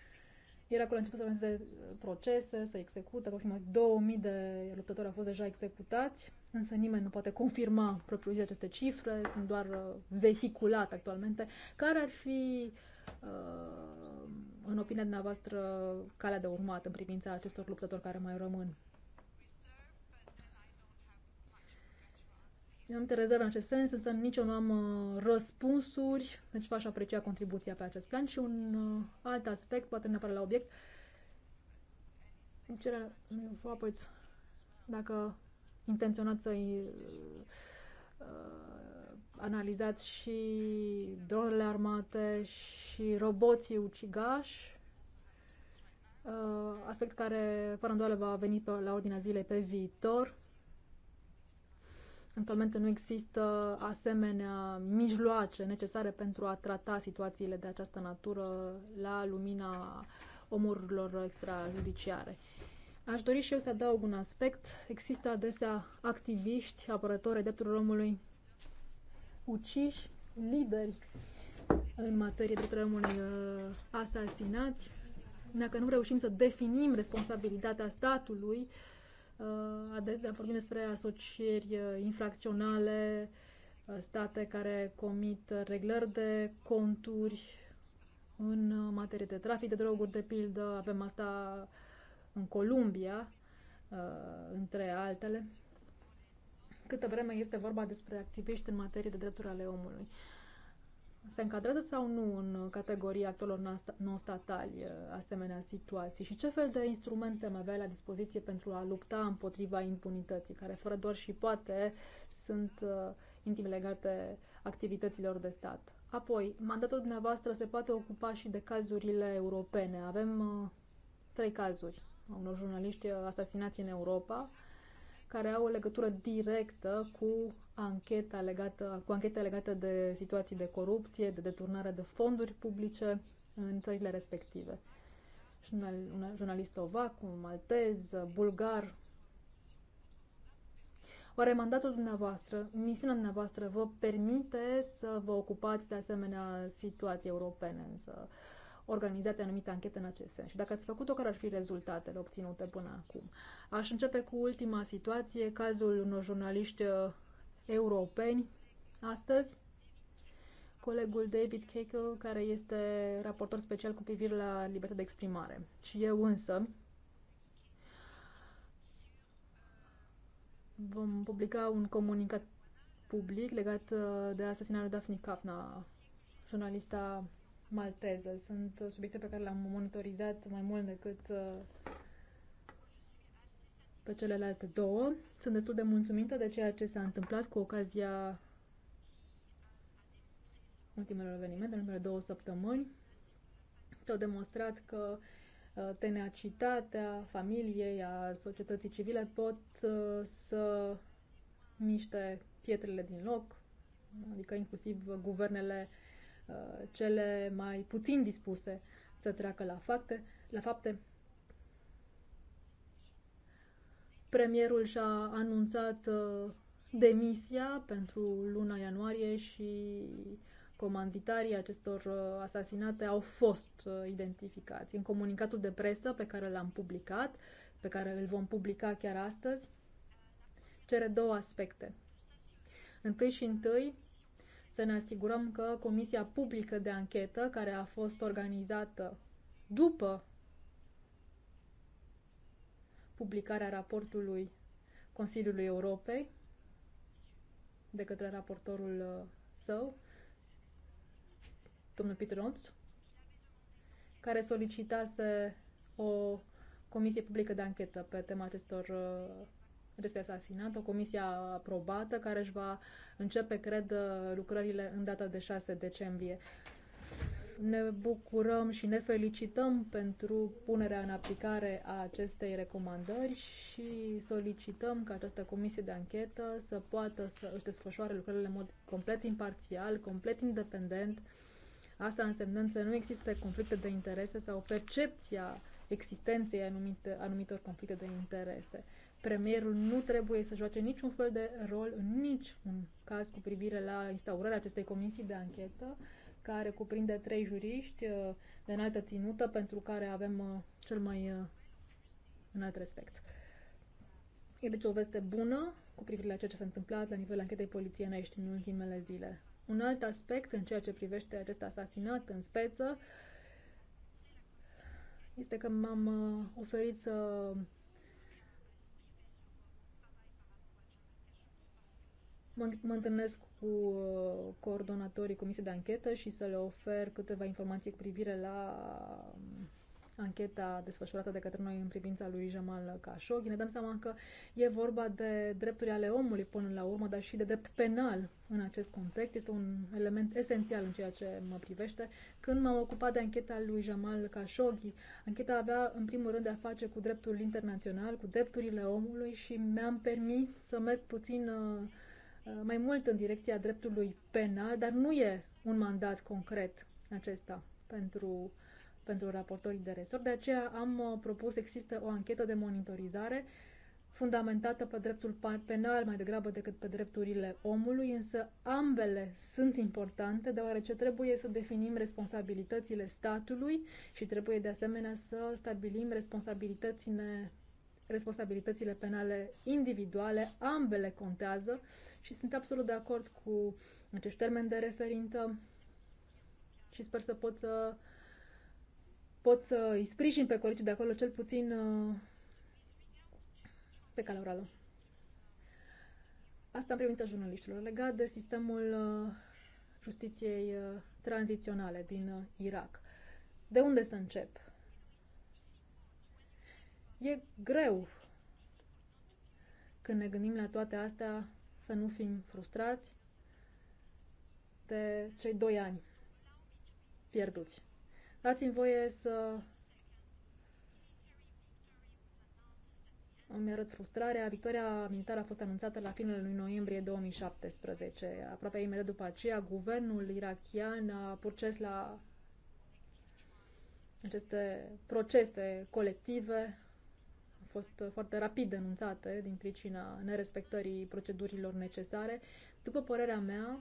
El acolo a început să organizeze uh, procese, să execute. Aproximativ 2000 de luptători au fost deja executați, însă nimeni nu poate confirma propriu zis aceste cifre, sunt doar uh, vehiculate actualmente. Care ar fi, uh, în opinia dumneavoastră, calea de urmat în privința acestor luptători care mai rămân? Am rezerve în acest sens, însă nici eu nu am uh, răspunsuri, deci v-aș aprecia contribuția pe acest plan. Și un uh, alt aspect, poate neapărat la obiect, îmi cere Roberts dacă intenționați să-i uh, uh, analizați și dronele armate și roboții ucigași, uh, aspect care fără îndoială va veni pe, la ordinea zilei pe viitor. Actualmente nu există asemenea mijloace necesare pentru a trata situațiile de această natură la lumina omorurilor extrajudiciare. Aș dori și eu să adaug un aspect. Există adesea activiști, apărători ai drepturilor omului, uciși, lideri în materie de drepturilor omului uh, asasinați. Dacă nu reușim să definim responsabilitatea statului, uh, Uh, adesea vorbim despre asocieri uh, infracționale, uh, state care comit reglări de conturi în materie de trafic de droguri, de pildă. Avem asta în Columbia, între altele. Câtă vreme este vorba despre activiști în materie de drepturi ale omului se încadrează sau nu în categoria actorilor non-statali uh, asemenea situații și ce fel de instrumente mai avea la dispoziție pentru a lupta împotriva impunității, care fără doar și poate sunt uh, intim legate activităților de stat. Apoi, mandatul dumneavoastră se poate ocupa și de cazurile europene. Avem uh, trei cazuri a unor jurnaliști asasinați în Europa, care au o legătură directă cu ancheta legată, cu ancheta legată de situații de corupție, de deturnare de fonduri publice în țările respective. un jurnalist ovac, un maltez, bulgar. Oare mandatul dumneavoastră, misiunea dumneavoastră, vă permite să vă ocupați de asemenea situații europene, însă uh, organizate anumite anchete în acest sens. Și dacă ați făcut-o, care ar fi rezultatele obținute până acum? Aș începe cu ultima situație, cazul unor jurnaliști uh, europeni astăzi. Colegul David Kekel, care este raportor special cu privire la libertatea de exprimare. Și eu însă vom publica un comunicat public legat uh, de asasinarea Daphne Capna, jurnalista malteză. Sunt uh, subiecte pe care le-am monitorizat mai mult decât uh, pe celelalte două. Sunt destul de mulțumită de ceea ce s-a întâmplat cu ocazia ultimelor evenimente, în două săptămâni. Au demonstrat că uh, tenacitatea familiei, a societății civile pot să miște pietrele din loc, adică inclusiv guvernele Uh, cele mai puțin dispuse să treacă la fapte. La fapte. Premierul și-a anunțat uh, demisia pentru luna ianuarie și comanditarii acestor uh, asasinate au fost identificați. În comunicatul de presă pe care l-am publicat, pe care îl vom publica chiar astăzi, cere două aspecte. Întâi și întâi, să ne asigurăm că Comisia Publică de Anchetă, care a fost organizată după publicarea raportului Consiliului Europei de către raportorul uh, său, domnul Peter Ons, care solicitase o comisie publică de anchetă pe tema acestor uh, acestui asasinat, o comisie aprobată care își va începe, cred, lucrările în data de 6 decembrie. Ne bucurăm și ne felicităm pentru punerea în aplicare a acestei recomandări și solicităm ca această comisie de anchetă să poată să își desfășoare lucrările în mod complet imparțial, complet independent, asta însemnând să nu existe conflicte de interese sau percepția existenței anumite, anumitor conflicte de interese premierul nu trebuie să joace niciun fel de rol în niciun caz cu privire la instaurarea acestei comisii de anchetă, care cuprinde trei juriști uh, de înaltă ținută, pentru care avem uh, cel mai uh, înalt respect. E deci o veste bună cu privire la ceea ce s-a întâmplat la nivelul anchetei polițienești în ultimele zile. Un alt aspect în ceea ce privește acest asasinat în speță este că m-am oferit să Mă, mă întâlnesc cu uh, coordonatorii comisiei de anchetă și să le ofer câteva informații cu privire la um, ancheta desfășurată de către noi în privința lui Jamal Khashoggi. Ne dăm seama că e vorba de drepturi ale omului până la urmă, dar și de drept penal în acest context. Este un element esențial în ceea ce mă privește. Când m-am ocupat de ancheta lui Jamal Khashoggi, ancheta avea în primul rând de a face cu dreptul internațional, cu drepturile omului și mi-am permis să merg puțin uh, Uh, mai mult în direcția dreptului penal, dar nu e un mandat concret acesta pentru, pentru raportorii de resort. De aceea am uh, propus, există o anchetă de monitorizare fundamentată pe dreptul penal mai degrabă decât pe drepturile omului, însă ambele sunt importante deoarece trebuie să definim responsabilitățile statului și trebuie de asemenea să stabilim responsabilitățile responsabilitățile penale individuale, ambele contează și sunt absolut de acord cu acești termeni de referință și sper să pot să pot să îi sprijin pe colegii de acolo cel puțin uh, pe calea orală. Asta în privința jurnaliștilor, legat de sistemul uh, justiției uh, tranziționale din Irak. De unde să încep? E greu când ne gândim la toate astea să nu fim frustrați de cei doi ani pierduți. Dați-mi voie să îmi arăt frustrarea. Victoria militară a fost anunțată la finalul lui noiembrie 2017. Aproape imediat după aceea, guvernul irachian a proces la aceste procese colective fost foarte rapid denunțate din pricina nerespectării procedurilor necesare. După părerea mea,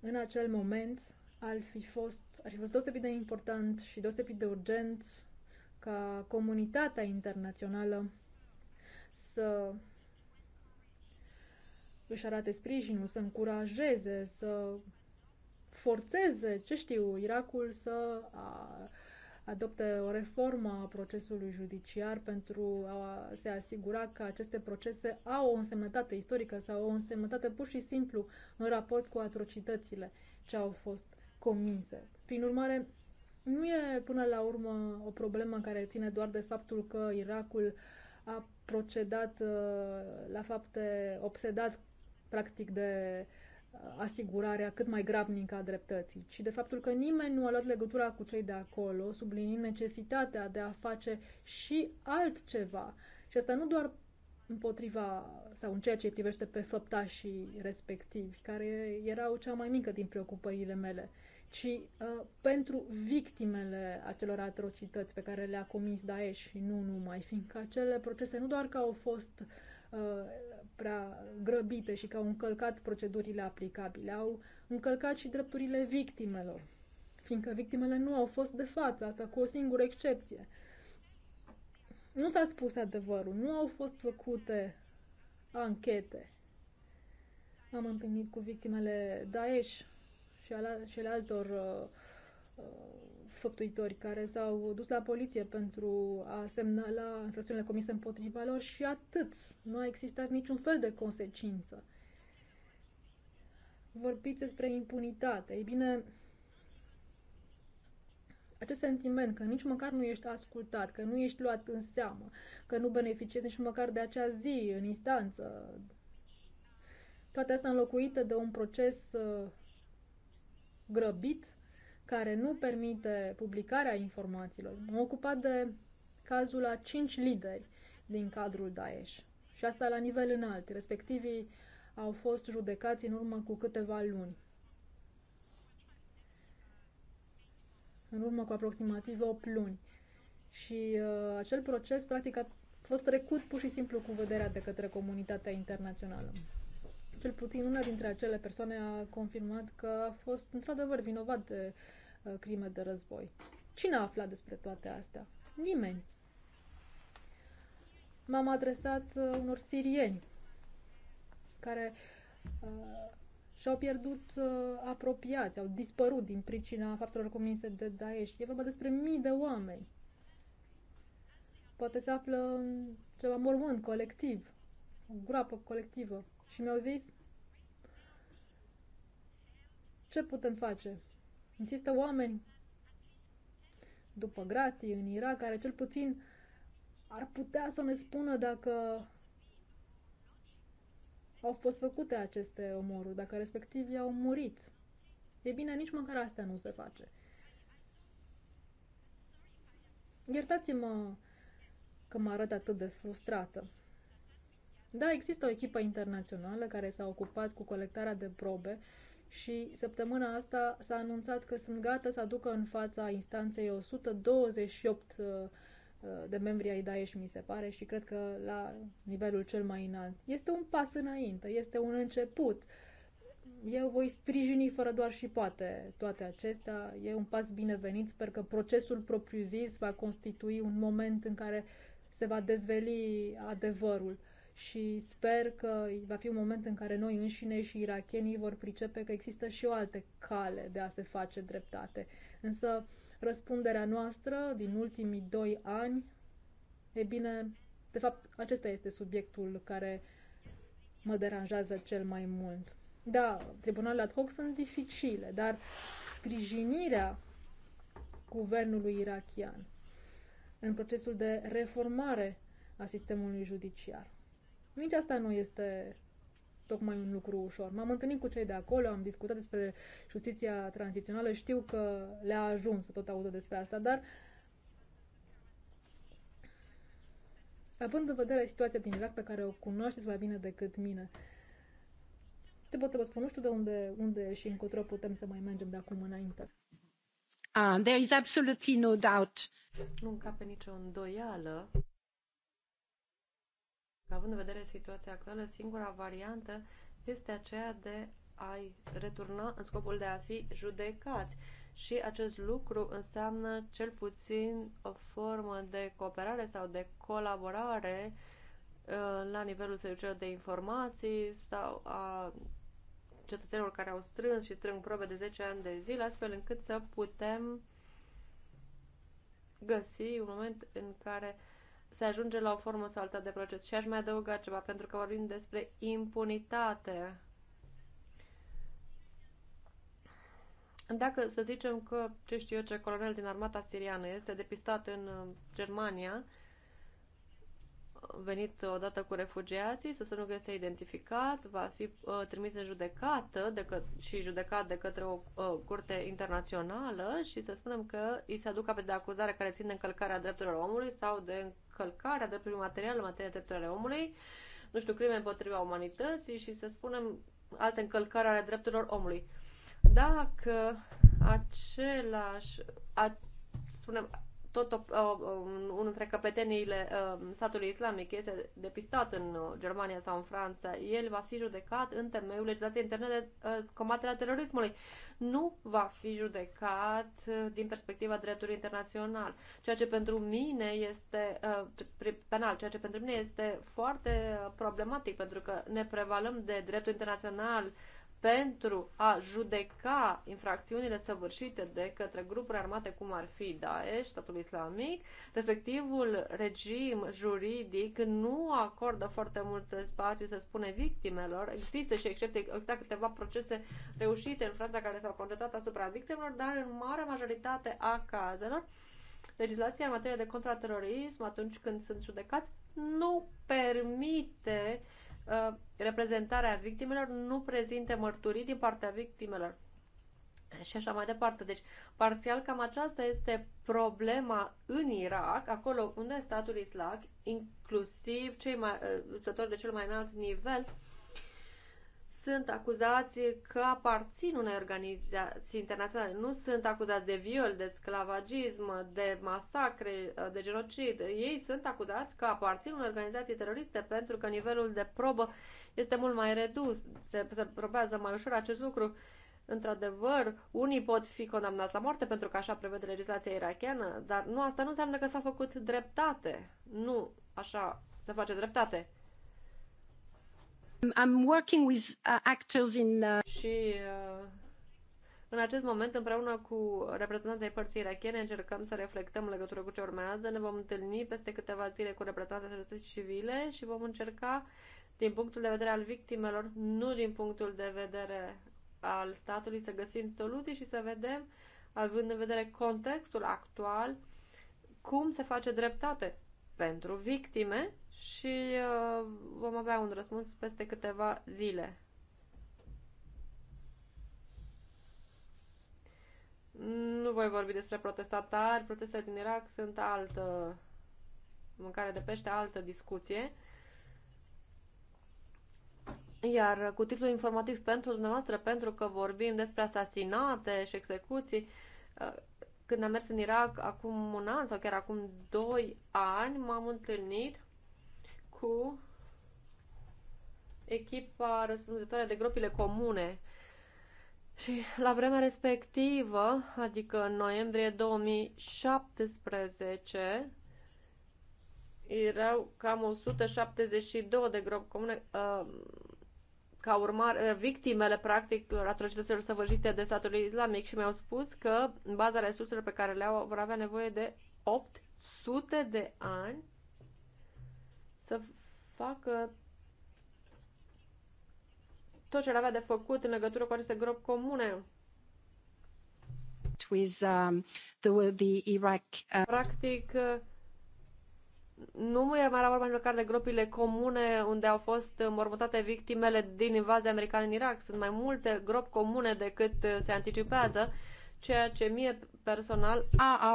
în acel moment ar fi fost, ar fi fost deosebit de important și deosebit de urgent ca comunitatea internațională să își arate sprijinul, să încurajeze, să forțeze, ce știu, Irakul să a, adopte o reformă a procesului judiciar pentru a se asigura că aceste procese au o însemnătate istorică sau o însemnătate pur și simplu în raport cu atrocitățile ce au fost comise. Prin urmare, nu e până la urmă o problemă care ține doar de faptul că Irakul a procedat uh, la fapte obsedat practic de uh, asigurarea cât mai grabnică a dreptății, ci de faptul că nimeni nu a luat legătura cu cei de acolo, sublinind necesitatea de a face și altceva. Și asta nu doar împotriva sau în ceea ce privește pe făptașii respectivi, care erau cea mai mică din preocupările mele, ci uh, pentru victimele acelor atrocități pe care le-a comis Daesh și nu numai, fiindcă acele procese nu doar că au fost uh, Uh, prea grăbite și că au încălcat procedurile aplicabile, au încălcat și drepturile victimelor, fiindcă victimele nu au fost de față, asta cu o singură excepție. Nu s-a spus adevărul, nu au fost făcute anchete. M-am întâlnit cu victimele Daesh și ale, și ale altor uh, uh, făptuitori care s-au dus la poliție pentru a semnala infracțiunile comise împotriva lor și atât. Nu a existat niciun fel de consecință. Vorbiți despre impunitate. Ei bine, acest sentiment că nici măcar nu ești ascultat, că nu ești luat în seamă, că nu beneficiezi nici măcar de acea zi în instanță, toate astea înlocuite de un proces uh, grăbit, care nu permite publicarea informațiilor. M-am ocupat de cazul a cinci lideri din cadrul Daesh și asta la nivel înalt. Respectivii au fost judecați în urmă cu câteva luni. În urmă cu aproximativ 8 luni. Și uh, acel proces, practic, a fost trecut pur și simplu cu vederea de către comunitatea internațională. Cel puțin una dintre acele persoane a confirmat că a fost într-adevăr vinovat de uh, Uh, crime de război. Cine a aflat despre toate astea? Nimeni. M-am adresat uh, unor sirieni care uh, și-au pierdut uh, apropiați, au dispărut din pricina faptelor comise de Daesh. E vorba despre mii de oameni. Poate se află în ceva mormânt colectiv, o groapă colectivă. Și mi-au zis, ce putem face? Există oameni după gratii în Irak care cel puțin ar putea să ne spună dacă au fost făcute aceste omoruri, dacă i au murit. E bine, nici măcar asta nu se face. Iertați-mă că mă arăt atât de frustrată. Da, există o echipă internațională care s-a ocupat cu colectarea de probe și săptămâna asta s-a anunțat că sunt gata să aducă în fața instanței 128 uh, uh, de membri ai Daesh, mi se pare, și cred că la nivelul cel mai înalt. Este un pas înainte, este un început. Eu voi sprijini fără doar și poate toate acestea. E un pas binevenit. Sper că procesul propriu-zis va constitui un moment în care se va dezveli adevărul și sper că va fi un moment în care noi înșine și irachenii vor pricepe că există și o alte cale de a se face dreptate. Însă răspunderea noastră din ultimii doi ani, e bine, de fapt acesta este subiectul care mă deranjează cel mai mult. Da, tribunalele ad hoc sunt dificile, dar sprijinirea guvernului irachian în procesul de reformare a sistemului judiciar nici asta nu este tocmai un lucru ușor. M-am întâlnit cu cei de acolo, am discutat despre justiția tranzițională, știu că le-a ajuns să tot audă despre asta, dar având în vedere situația din Irak pe care o cunoașteți mai bine decât mine, Te pot să vă spun? Nu știu de unde, unde și încotro putem să mai mergem de acum înainte. Uh, there is absolutely no doubt. Nu încape nicio îndoială Având în vedere situația actuală, singura variantă este aceea de a-i returna în scopul de a fi judecați. Și acest lucru înseamnă cel puțin o formă de cooperare sau de colaborare uh, la nivelul serviciilor de informații sau a cetățenilor care au strâns și strâng probe de 10 ani de zile, astfel încât să putem găsi un moment în care se ajunge la o formă sau alta de proces. Și aș mai adăuga ceva, pentru că vorbim despre impunitate. Dacă să zicem că, ce știu eu, ce colonel din armata siriană este depistat în uh, Germania, venit odată cu refugiații, să nu că este identificat, va fi uh, trimis în judecată de că, și judecat de către o uh, curte internațională și să spunem că îi se aduc pe de acuzare care țin de încălcarea drepturilor omului sau de călcarea a dreptului material în materie de ale omului, nu știu, crime împotriva umanității și, să spunem, alte încălcări ale drepturilor omului. Dacă același, a, spunem, tot o, o, unul dintre căpeteniile uh, statului islamic este depistat în uh, Germania sau în Franța, el va fi judecat în temeiul legislației interne de uh, combaterea terorismului. Nu va fi judecat uh, din perspectiva dreptului internațional, ceea ce pentru mine este uh, penal, ceea ce pentru mine este foarte uh, problematic, pentru că ne prevalăm de dreptul internațional uh, pentru a judeca infracțiunile săvârșite de către grupuri armate cum ar fi Daesh, statul islamic, respectivul regim juridic nu acordă foarte mult spațiu, să spune, victimelor. Există și excepții, există câteva procese reușite în Franța care s-au concentrat asupra victimelor, dar în mare majoritate a cazelor, legislația în materie de contraterorism, atunci când sunt judecați, nu permite uh, Uh, reprezentarea victimelor nu prezinte mărturii din partea victimelor și așa mai departe. Deci, parțial cam aceasta este problema în Irak, acolo unde statul islamic, inclusiv cei mai uh, de cel mai înalt nivel, sunt acuzați că aparțin unei organizații internaționale, nu sunt acuzați de viol, de sclavagism, de masacre, de genocid. Ei sunt acuzați că aparțin unei organizații teroriste pentru că nivelul de probă este mult mai redus, se, se probează mai ușor acest lucru. Într-adevăr, unii pot fi condamnați la moarte pentru că așa prevede legislația irachiană, dar nu asta nu înseamnă că s-a făcut dreptate. Nu așa se face dreptate. I'm working with uh, actors in... Uh, și uh, în acest moment, împreună cu reprezentanții ai părții irachiene, încercăm să reflectăm în legătură cu ce urmează. Ne vom întâlni peste câteva zile cu reprezentanții societății civile și vom încerca din punctul de vedere al victimelor, nu din punctul de vedere al statului, să găsim soluții și să vedem, având în vedere contextul actual, cum se face dreptate pentru victime și uh, vom avea un răspuns peste câteva zile. Nu voi vorbi despre protestatari, protestele din Irak sunt altă mâncare de pește, altă discuție. Iar cu titlul informativ pentru dumneavoastră, pentru că vorbim despre asasinate și execuții, uh, când am mers în Irak acum un an sau chiar acum doi ani, m-am întâlnit cu echipa răspunzătoare de gropile comune. Și la vremea respectivă, adică în noiembrie 2017, erau cam 172 de gropi comune uh, ca urmare, uh, victimele, practic, atrocităților săvârșite de statul islamic și mi-au spus că, în baza resurselor pe care le-au, vor avea nevoie de 800 de ani să facă tot ce avea de făcut în legătură cu aceste gropi comune. With, um, the, the Iraq, uh... Practic, nu mai era vorba nici măcar de gropile comune unde au fost mormutate victimele din invazia americană în Irak. Sunt mai multe gropi comune decât uh, se anticipează. Mm ceea ce mie personal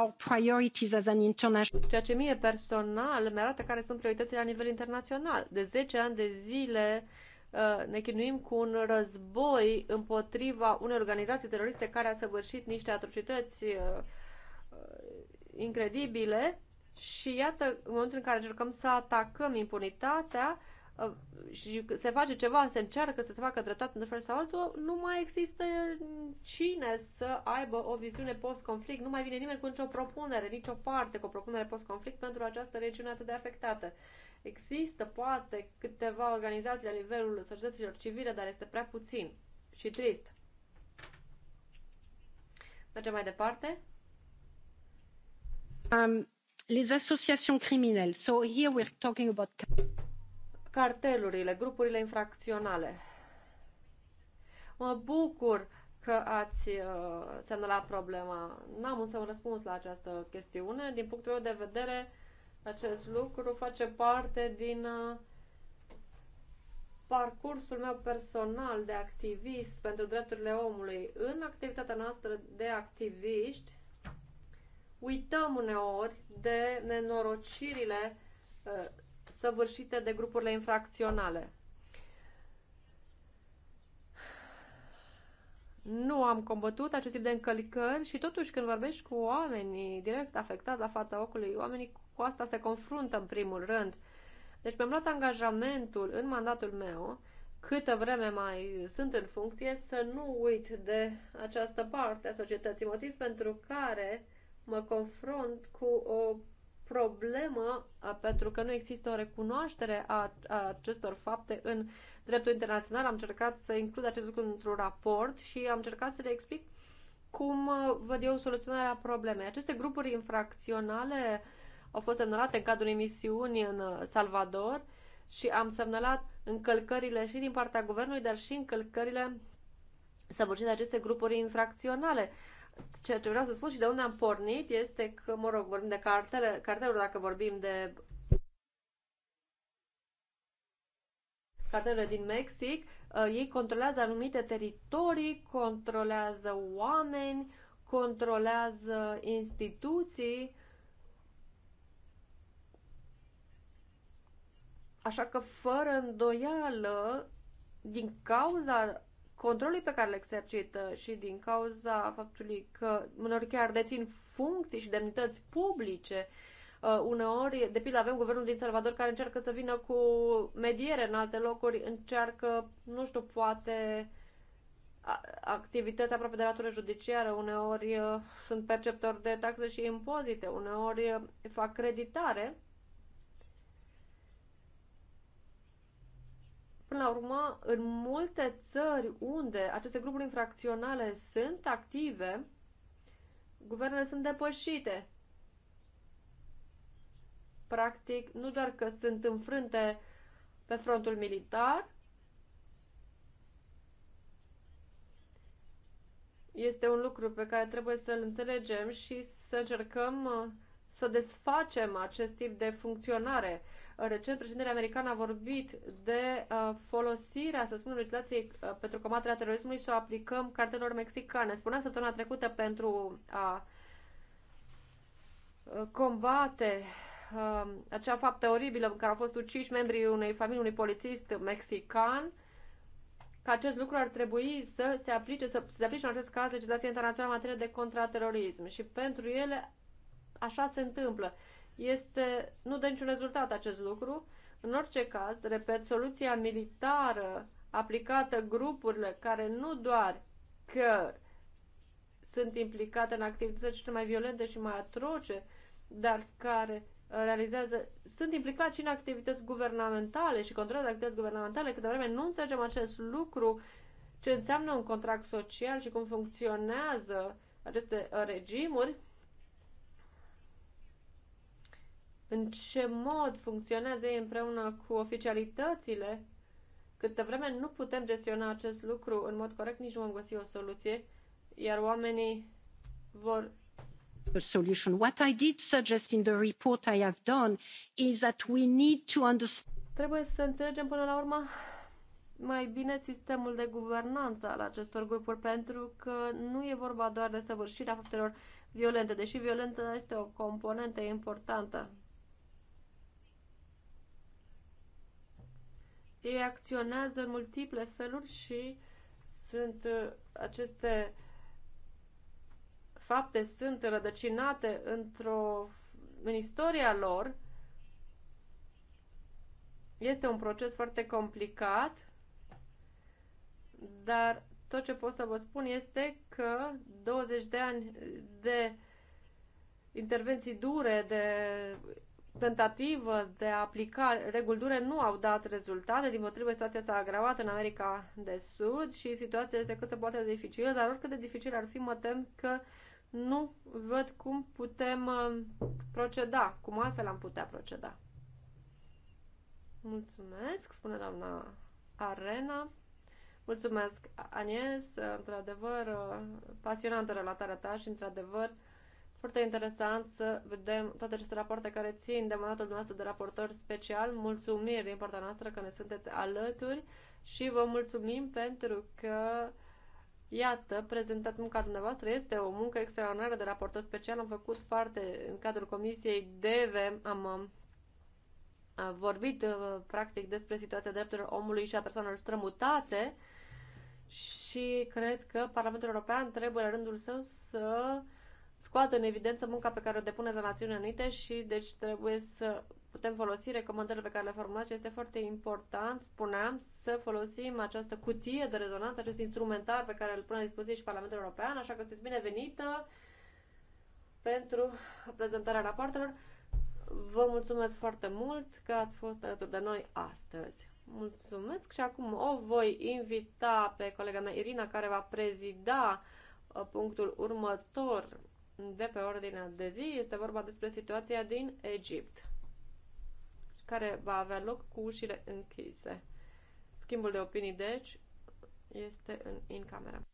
our priorities as an international ceea ce mie personal mi arată care sunt prioritățile la nivel internațional. De 10 ani de zile uh, ne chinuim cu un război împotriva unei organizații teroriste care a săvârșit niște atrocități uh, uh, incredibile și iată, în momentul în care încercăm să atacăm impunitatea, Uh, și se face ceva, se încearcă să se facă tratat într-un fel sau altul, nu mai există cine să aibă o viziune post-conflict, nu mai vine nimeni cu nicio propunere, nicio parte cu o propunere post-conflict pentru această regiune atât de afectată. Există poate câteva organizații la nivelul societăților civile, dar este prea puțin și trist. Mergem mai departe. Um, les associations criminelles. So here we're talking about cartelurile, grupurile infracționale. Mă bucur că ați uh, semnalat problema. N-am însă un răspuns la această chestiune. Din punctul meu de vedere, acest lucru face parte din uh, parcursul meu personal de activist pentru drepturile omului. În activitatea noastră de activiști, uităm uneori de nenorocirile uh, săvârșite de grupurile infracționale. Nu am combătut acest tip de încălcări și totuși când vorbești cu oamenii direct afectați la fața ocului, oamenii cu asta se confruntă în primul rând. Deci mi-am luat angajamentul în mandatul meu, câtă vreme mai sunt în funcție, să nu uit de această parte a societății, motiv pentru care mă confrunt cu o problemă pentru că nu există o recunoaștere a, a acestor fapte în dreptul internațional. Am încercat să includ acest lucru într-un raport și am încercat să le explic cum văd eu soluționarea problemei. Aceste grupuri infracționale au fost semnalate în cadrul emisiunii în Salvador și am semnalat încălcările și din partea guvernului, dar și încălcările săvârșite de aceste grupuri infracționale ceea ce vreau să spun și de unde am pornit este că, mă rog, vorbim de cartele, cartelul, dacă vorbim de cartelele din Mexic, uh, ei controlează anumite teritorii, controlează oameni, controlează instituții, Așa că, fără îndoială, din cauza controlului pe care îl exercită și din cauza faptului că uneori chiar dețin funcții și demnități publice, Uh, uneori, de pildă, avem guvernul din Salvador care încearcă să vină cu mediere în alte locuri, încearcă, nu știu, poate activități aproape de natură judiciară, uneori uh, sunt perceptori de taxe și impozite, uneori uh, fac creditare Până la urmă, în multe țări unde aceste grupuri infracționale sunt active, guvernele sunt depășite. Practic, nu doar că sunt înfrânte pe frontul militar, este un lucru pe care trebuie să-l înțelegem și să încercăm uh, să desfacem acest tip de funcționare Recent, președintele american a vorbit de uh, folosirea, să spunem, legislației uh, pentru combaterea terorismului și o aplicăm cartelor mexicane. Spuneam săptămâna trecută pentru a uh, combate uh, acea faptă oribilă în care au fost uciși membrii unei familii, unui polițist mexican, că acest lucru ar trebui să se aplice, să se aplice în acest caz legislația internațională în materie de contraterorism. Și pentru ele așa se întâmplă este, nu dă niciun rezultat acest lucru. În orice caz, repet, soluția militară aplicată grupurile care nu doar că sunt implicate în activități cele mai violente și mai atroce, dar care uh, realizează, sunt implicați și în activități guvernamentale și controlează activități guvernamentale, câte vreme nu înțelegem acest lucru, ce înseamnă un contract social și cum funcționează aceste uh, regimuri, în ce mod funcționează ei împreună cu oficialitățile. Câtă vreme nu putem gestiona acest lucru în mod corect, nici nu vom găsi o soluție, iar oamenii vor solution. What I did suggest in the report I have done is that we need to understand. Trebuie să înțelegem până la urmă mai bine sistemul de guvernanță al acestor grupuri, pentru că nu e vorba doar de săvârșirea faptelor violente, deși violența este o componentă importantă Ei acționează în multiple feluri și sunt uh, aceste fapte sunt rădăcinate într-o în istoria lor. Este un proces foarte complicat, dar tot ce pot să vă spun este că 20 de ani de intervenții dure, de tentativă de a aplica reguli dure nu au dat rezultate, din potrivă situația s-a agravat în America de Sud și situația este cât se poate de dificilă, dar oricât de dificil ar fi, mă tem că nu văd cum putem uh, proceda, cum altfel am putea proceda. Mulțumesc, spune doamna Arena. Mulțumesc, Anies, într-adevăr, uh, pasionantă relatarea ta și, într-adevăr, foarte interesant să vedem toate aceste rapoarte care țin de mandatul noastră de raportor special. Mulțumiri din partea noastră că ne sunteți alături și vă mulțumim pentru că Iată, prezentați munca dumneavoastră. Este o muncă extraordinară de raportor special. Am făcut parte în cadrul Comisiei DV. Am, am vorbit uh, practic despre situația drepturilor omului și a persoanelor strămutate și cred că Parlamentul European trebuie la rândul său să scoată în evidență munca pe care o depune la Națiunile Unite și deci trebuie să putem folosi recomandările pe care le formulați și este foarte important, spuneam, să folosim această cutie de rezonanță, acest instrumentar pe care îl pune la dispoziție și Parlamentul European, așa că sunteți binevenită pentru prezentarea rapoartelor. Vă mulțumesc foarte mult că ați fost alături de noi astăzi. Mulțumesc și acum o voi invita pe colega mea Irina care va prezida uh, punctul următor de pe ordinea de zi. Este vorba despre situația din Egipt, care va avea loc cu ușile închise. Schimbul de opinii, deci, este în, în camera.